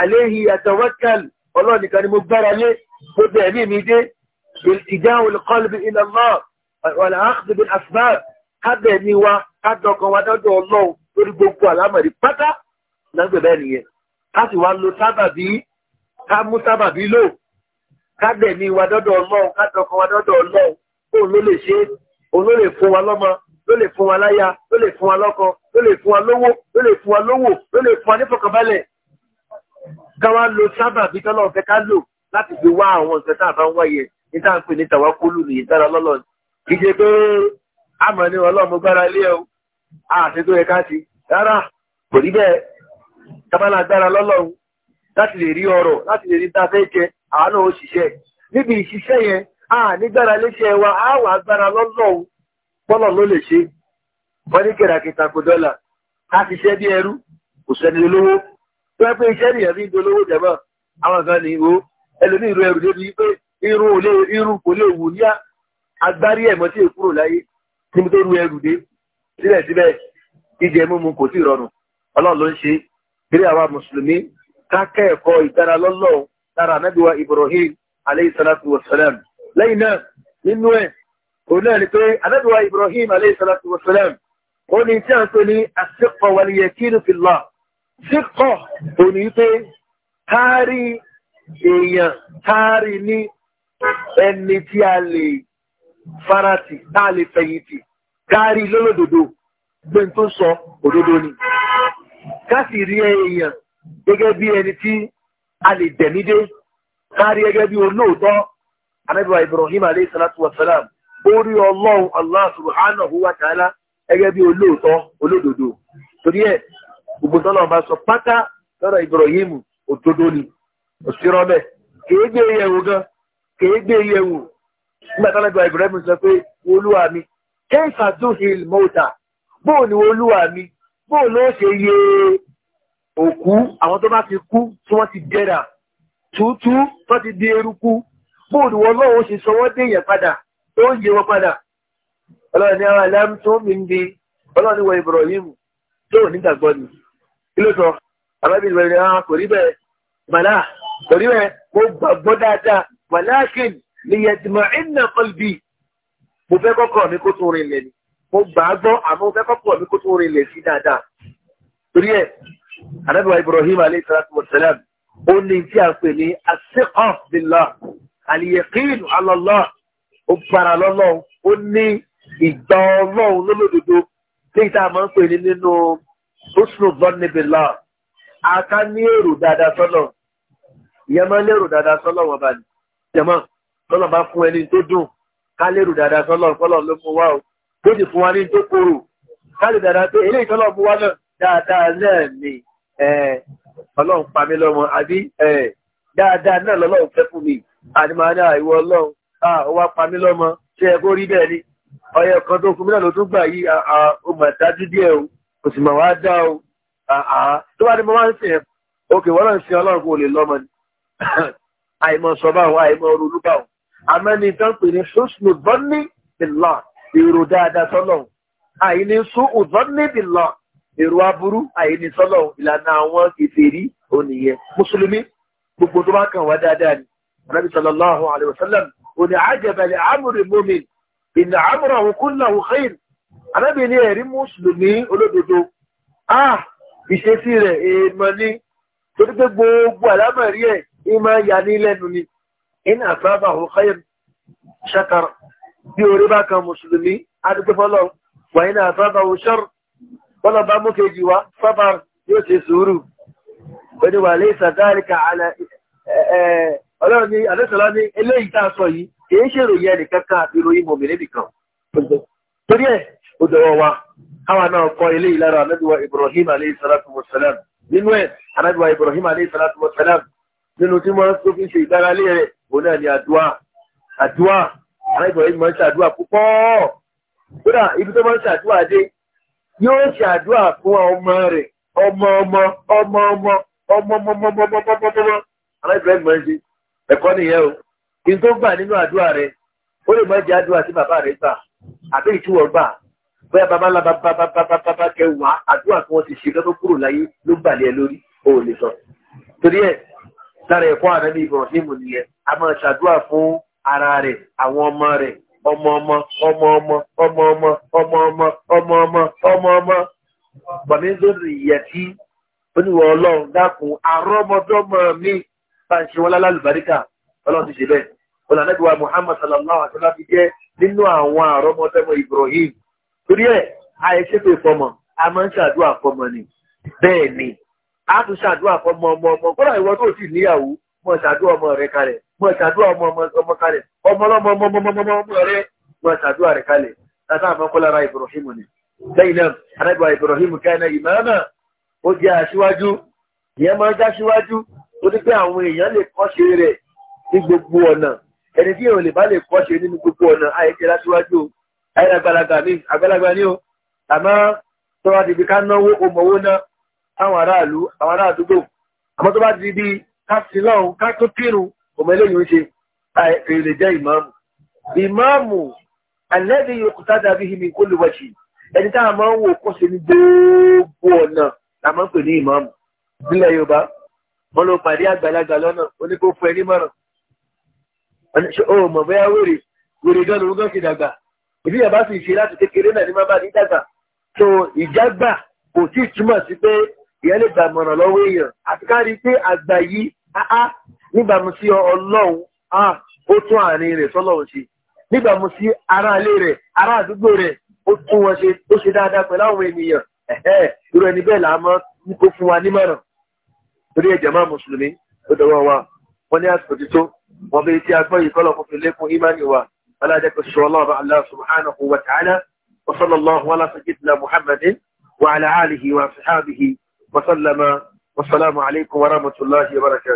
àléhi àtàwákàl ọlọ́run nìkan ni mo gbára lé mo bẹ̀ mí mi dé ìjà olùkọ́lùbí ilallah lórí gbogbo àlámọ̀rí pátá lọ́gbẹ̀ bẹ́ẹ̀ nìyẹn ká sì wá lo sábàbí ká mú sábàbí lò ká dẹ̀mí wa dọ́dọ̀ ọlọ́run ká tọkọ wa dọ́dọ̀ ọlọ́run le ló lè ṣe òun ló lè fún wa lọ́mọ ló lè fún wa láyà ló lè fún wa lọ́kọ ló lè fún wa lówó ló lè fún wa lówó ló lè fún wa nífọ̀kànbalẹ̀ ká wá lo sábàbí ká lò láti fi wá àwọn tá a bá ń wáyé ní tá ń pè ní tàwákúlù nìyí dára kì í àti ah, tó yẹ ká ṣe rárá kò rí bẹ́ẹ̀ tabala agbára lọ́lọ́run láti lè rí ọrọ̀ láti lè rí ta jẹ àánú òṣìṣẹ́ níbi ìṣiṣẹ́ yẹn a nígbára léṣẹ́ wa a wà agbára lọ́lọ́run pọ́lọ̀ ló lè ṣe wọ́n ní kẹ̀ràkẹta kò dọ́là ká ṣiṣẹ́ bí ẹrú kò sẹ́ni olówó tó yẹ pé iṣẹ́ nìyẹn fi ń dolówó jẹ̀mọ́ àwọn kan ní o ẹrù débi pé irun kò lè wù ní agbárí ẹ̀mọ́ tí èkúrò láyé tí mo tó ru ẹrù síbẹ̀síbẹ̀ jíjẹ mímu kò tí rọrùn ọlọ́run ló ń ṣe bí àwa mùsùlùmí ká kẹ́ẹ̀kọ́ ìdára lọ́lọ́run lára anábìwa ibrahim aleyhisalatu wasalam lẹ́yìn náà nínú ẹ̀ òun náà ni pé anábìwa ibrahim aleyhisalatu wasalam ó ní tí a ń pè ní àṣekọ̀ wàlíyẹ kínú fìlà síkọ̀ kárí lọlọdodo gbé tó sọ òdodo ni ká rí èèyàn gẹ́gẹ́ bí ẹni tí a lè dẹ̀mídé kárí gẹ́gẹ́ bí olóòótọ́ anábìwá Ibrahim alayhi salatu wa salam orí ọlọ́run Allah subhanahu wa ta'ala gẹ́gẹ́ bí olóòótọ́ olódodo torí ẹ̀ gbogbo tọ́lọ̀ bá sọ pátá lọ́rọ̀ Ibrahim òdodo ni òṣìṣẹ́ ọbẹ̀ kèé gbé yẹ̀wò gan kèé gbé yẹ̀wò nígbà Ibrahim sọ pé olúwa kẹ́ǹkà dúhìl mọ́ta bóò ni olúwa mi bóò ló ṣe yẹ òkú àwọn tó bá ti kú tí wọ́n ti dẹ́ra túútú tó ti di eruku bóò ni wọ́n lọ́wọ́ ṣe sọ wọ́n déyẹ̀ padà ó ń yẹ wọn padà ọlọ́run ní àwọn aláàmú tó mi ń bi ọlọ́run wọ Ibrahim tó ò nígbàgbọ́ ni kí ló sọ àbábí ìwé ni kò rí bẹ́ẹ̀ màlá kò bẹ́ẹ̀ mo gbàgbọ́ dáadáa màlá kìnnìyàn tìmọ̀ ìnà kọlbì mo fẹ́ kọ́kọ́ mi kó tún rinlẹ̀ ni mo gbà á gbọ́ àmọ́ mo fẹ́ kọ́kọ́ mi kó tún rinlẹ̀ sí dáadáa torí ẹ̀ anábìwá Ibrahim alayhi salatu wa salam ó ní tí a pè ní asiqan billah aliyekin alọlọ ó gbára lọ́lọ́run ó ní ìgbà ọlọ́run lólódodo léyìí tá a máa ń pè ní nínú husnu dhanni billah aká ní èrò dáadáa sọ́lọ̀ ìyẹn máa ń lérò dáadáa sọ́lọ̀ wọn bá ní ìjẹmọ́ sọ́lọ̀ bá fún ẹni tó dùn ká lérò dáadáa sọ́lọ́ ọ̀pọ̀lọ́ ló mú wá o tó sì fún wa ní tó kóró ká lè dáadáa pé eléyìí mú wá náà dáadáa náà ni ọlọ́run pa mí lọ́mọ àbí dáadáa náà lọ́lọ́run fẹ́ fún mi ọlọ́run ó wá pa mí lọ́mọ kó rí bẹ́ẹ̀ ni kan tó fún mi náà ló tún gbà yí mà dájú díẹ̀ o kò sì mà wá dá àmẹ́ni tán pè ní ṣóṣùlù bọ́ní bìlá èrò dáadáa sọ́lọ̀ àìní ṣóṣù bọ́ní bìlá èrò aburú àìní sọ́lọ̀ ìlànà àwọn kìfèrí ònìyẹn mùsùlùmí gbogbo tó bá kàn wá dáadáa ni anábì sallallahu alayhi wa sallam òní àjẹbẹ̀lẹ̀ amúrè mọ́min ìnà amúrà òkúnlá òkèèn anábì ní ẹ̀rí mùsùlùmí olódodo ah ìṣesí rẹ̀ èèmọ̀ ni torí pé gbogbo àlámọ̀ rí ẹ̀ ìmọ̀ yà ní lẹ́nu ni in asabahu خير شكر bí مسلمي bá kan وإن adúgbòfọ́lọ́ شر in asabahu shar bọ́lọ̀ bá mú kejì wá sabar yóò ṣe sùúrù pẹ̀lú wà lè sàdáríkà ọlọ́run ní àdẹ́sọ̀lá ní eléyìí tá a sọ yìí kì í ṣèròyìn ẹnìkan kan àti ìròyìn mòmìnì nìkan torí ẹ̀ ó wa káwa náà kọ eléyìí lára anábìwá Ibrahim alayhi salatu wa salam nínú ẹ̀ anábìwá Ibrahim alayhi salatu wa salam nínú tí wọ́n tó fi ṣe ìgbáralé rẹ̀ òun náà ni àdúà àdúà aláìsàn yìí máa ń ṣàdúà púpọ̀ kódà ibi tó máa ń ṣàdúà dé yóò ṣàdúà fún ọmọ rẹ̀ ọmọ ọmọ ọmọ ọmọ ọmọ ọmọ ọmọ ọmọ ọmọ ọmọ ọmọ aláìsàn yìí máa ń ṣe ẹ̀kọ́ nìyẹn o kí n tó gbà nínú àdúà rẹ̀ ó lè má jẹ́ àdúà tí bàbá rẹ̀ gbà àbí ìtúwọ̀ gbà bóyá bàbá ńlá bàbá bàbá bàbá kẹwàá àdúà tí wọ́n ti ṣe lọ́dún kúrò láyé ló gbà lé ẹ lórí ó lára ẹ̀kọ́ ànábì ibrahim nìyẹn a máa ṣàdúrà fún ara rẹ̀ àwọn ọmọ rẹ̀ ọmọ ọmọ ọmọ ọmọ ọmọ ọmọ ọmọ ọmọ ọmọ ọmọ ọmọ ọmọ bàmí lórí ìyẹtí oníwọ ọlọ́run dákun àrọ́mọdọ́mọ mi bá ń ṣe wọn lálálùbáríkà ọlọ́run ti ṣe bẹ́ẹ̀ olùdánẹ́bíwá muhammad sallallahu alaihi wa sallam fi jẹ́ nínú àwọn àrọ́mọdọ́mọ ibrahim torí ẹ̀ àìṣètò ìfọmọ a máa ń ṣàdúrà fọmọ ni bẹ́ẹ̀ ni a tún ṣàdúrà fún ọmọ ọmọ ọmọ kọ́lá ìwọ tó sì níyàwó mọ̀ ṣàdúrà ọmọ rẹ kalẹ̀ mọ̀ ṣàdúrà ọmọ ọmọ kalẹ̀ ọmọ ọlọ́mọ ọmọ ọmọ ọmọ ọmọ rẹ mọ̀ ṣàdúrà rẹ kalẹ̀ tata àmọ́kọ́lára Ibrahim ni lẹ́yìn náà arábìwá Ibrahim káyánà ìmọ̀ọ́nà ó jẹ́ aṣíwájú ìyẹn máa ń já síwájú ó ní pé àwọn èèyàn lè kọ́ṣe rẹ̀ ní gbogbo ọ̀nà ẹni tí èèyàn lè bá lè kọ́ṣe nínú gbogbo ọ̀nà àìjẹ́ láṣíwájú ayélujára àgbàlagbà ní àgbàlagbà ní o àmọ́ tọ́wọ́ ti fi ká náwó ó mọ̀wó náà táwọn aráàlú àwọn aráàdúgbò àmọ́ tó bá di bí káàsì lọ́hùn ká tó kírun ọmọ eléyìí ń ṣe èrè jẹ́ ìmáàmù ìmáàmù alẹ́bí òkúta dàbí himi kó lè wáṣí ẹni tá a máa ń wò kó ṣe ní gbogbo ọ̀nà la máa ń pè ní ìmáàmù nílẹ̀ yorùbá wọn lọ pàdé àgbàlagbà lọ́nà oníkó fún ẹni mọ́ràn ìyẹn lè gbàmọ̀ràn lọ́wọ́ èèyàn àti káàrí pé àgbà yìí áá ah, ah, níbàámu sí ọlọ́run áà ah, ó tún àárín rẹ̀ sọ́lọ́run ṣe níbàámu sí ará ilé rẹ̀ ará àdúgbò rẹ̀ ó tún wọn ṣe ó ṣe dáadáa pẹ̀lú àwọn ènìyàn irú ẹni bẹ́ẹ̀ là á mọ́ kó fún wa nímọ̀ràn torí ẹ̀jẹ̀ máa mùsùlùmí ó dọ̀wọ́ wa wọ́n ní àsìkò tító wọ́n bẹ tí a gbọ́ yìí kọ́lọ̀ kó fi lékún wa alájẹ́ kò وسلم والسلام عليكم ورحمة الله وبركاته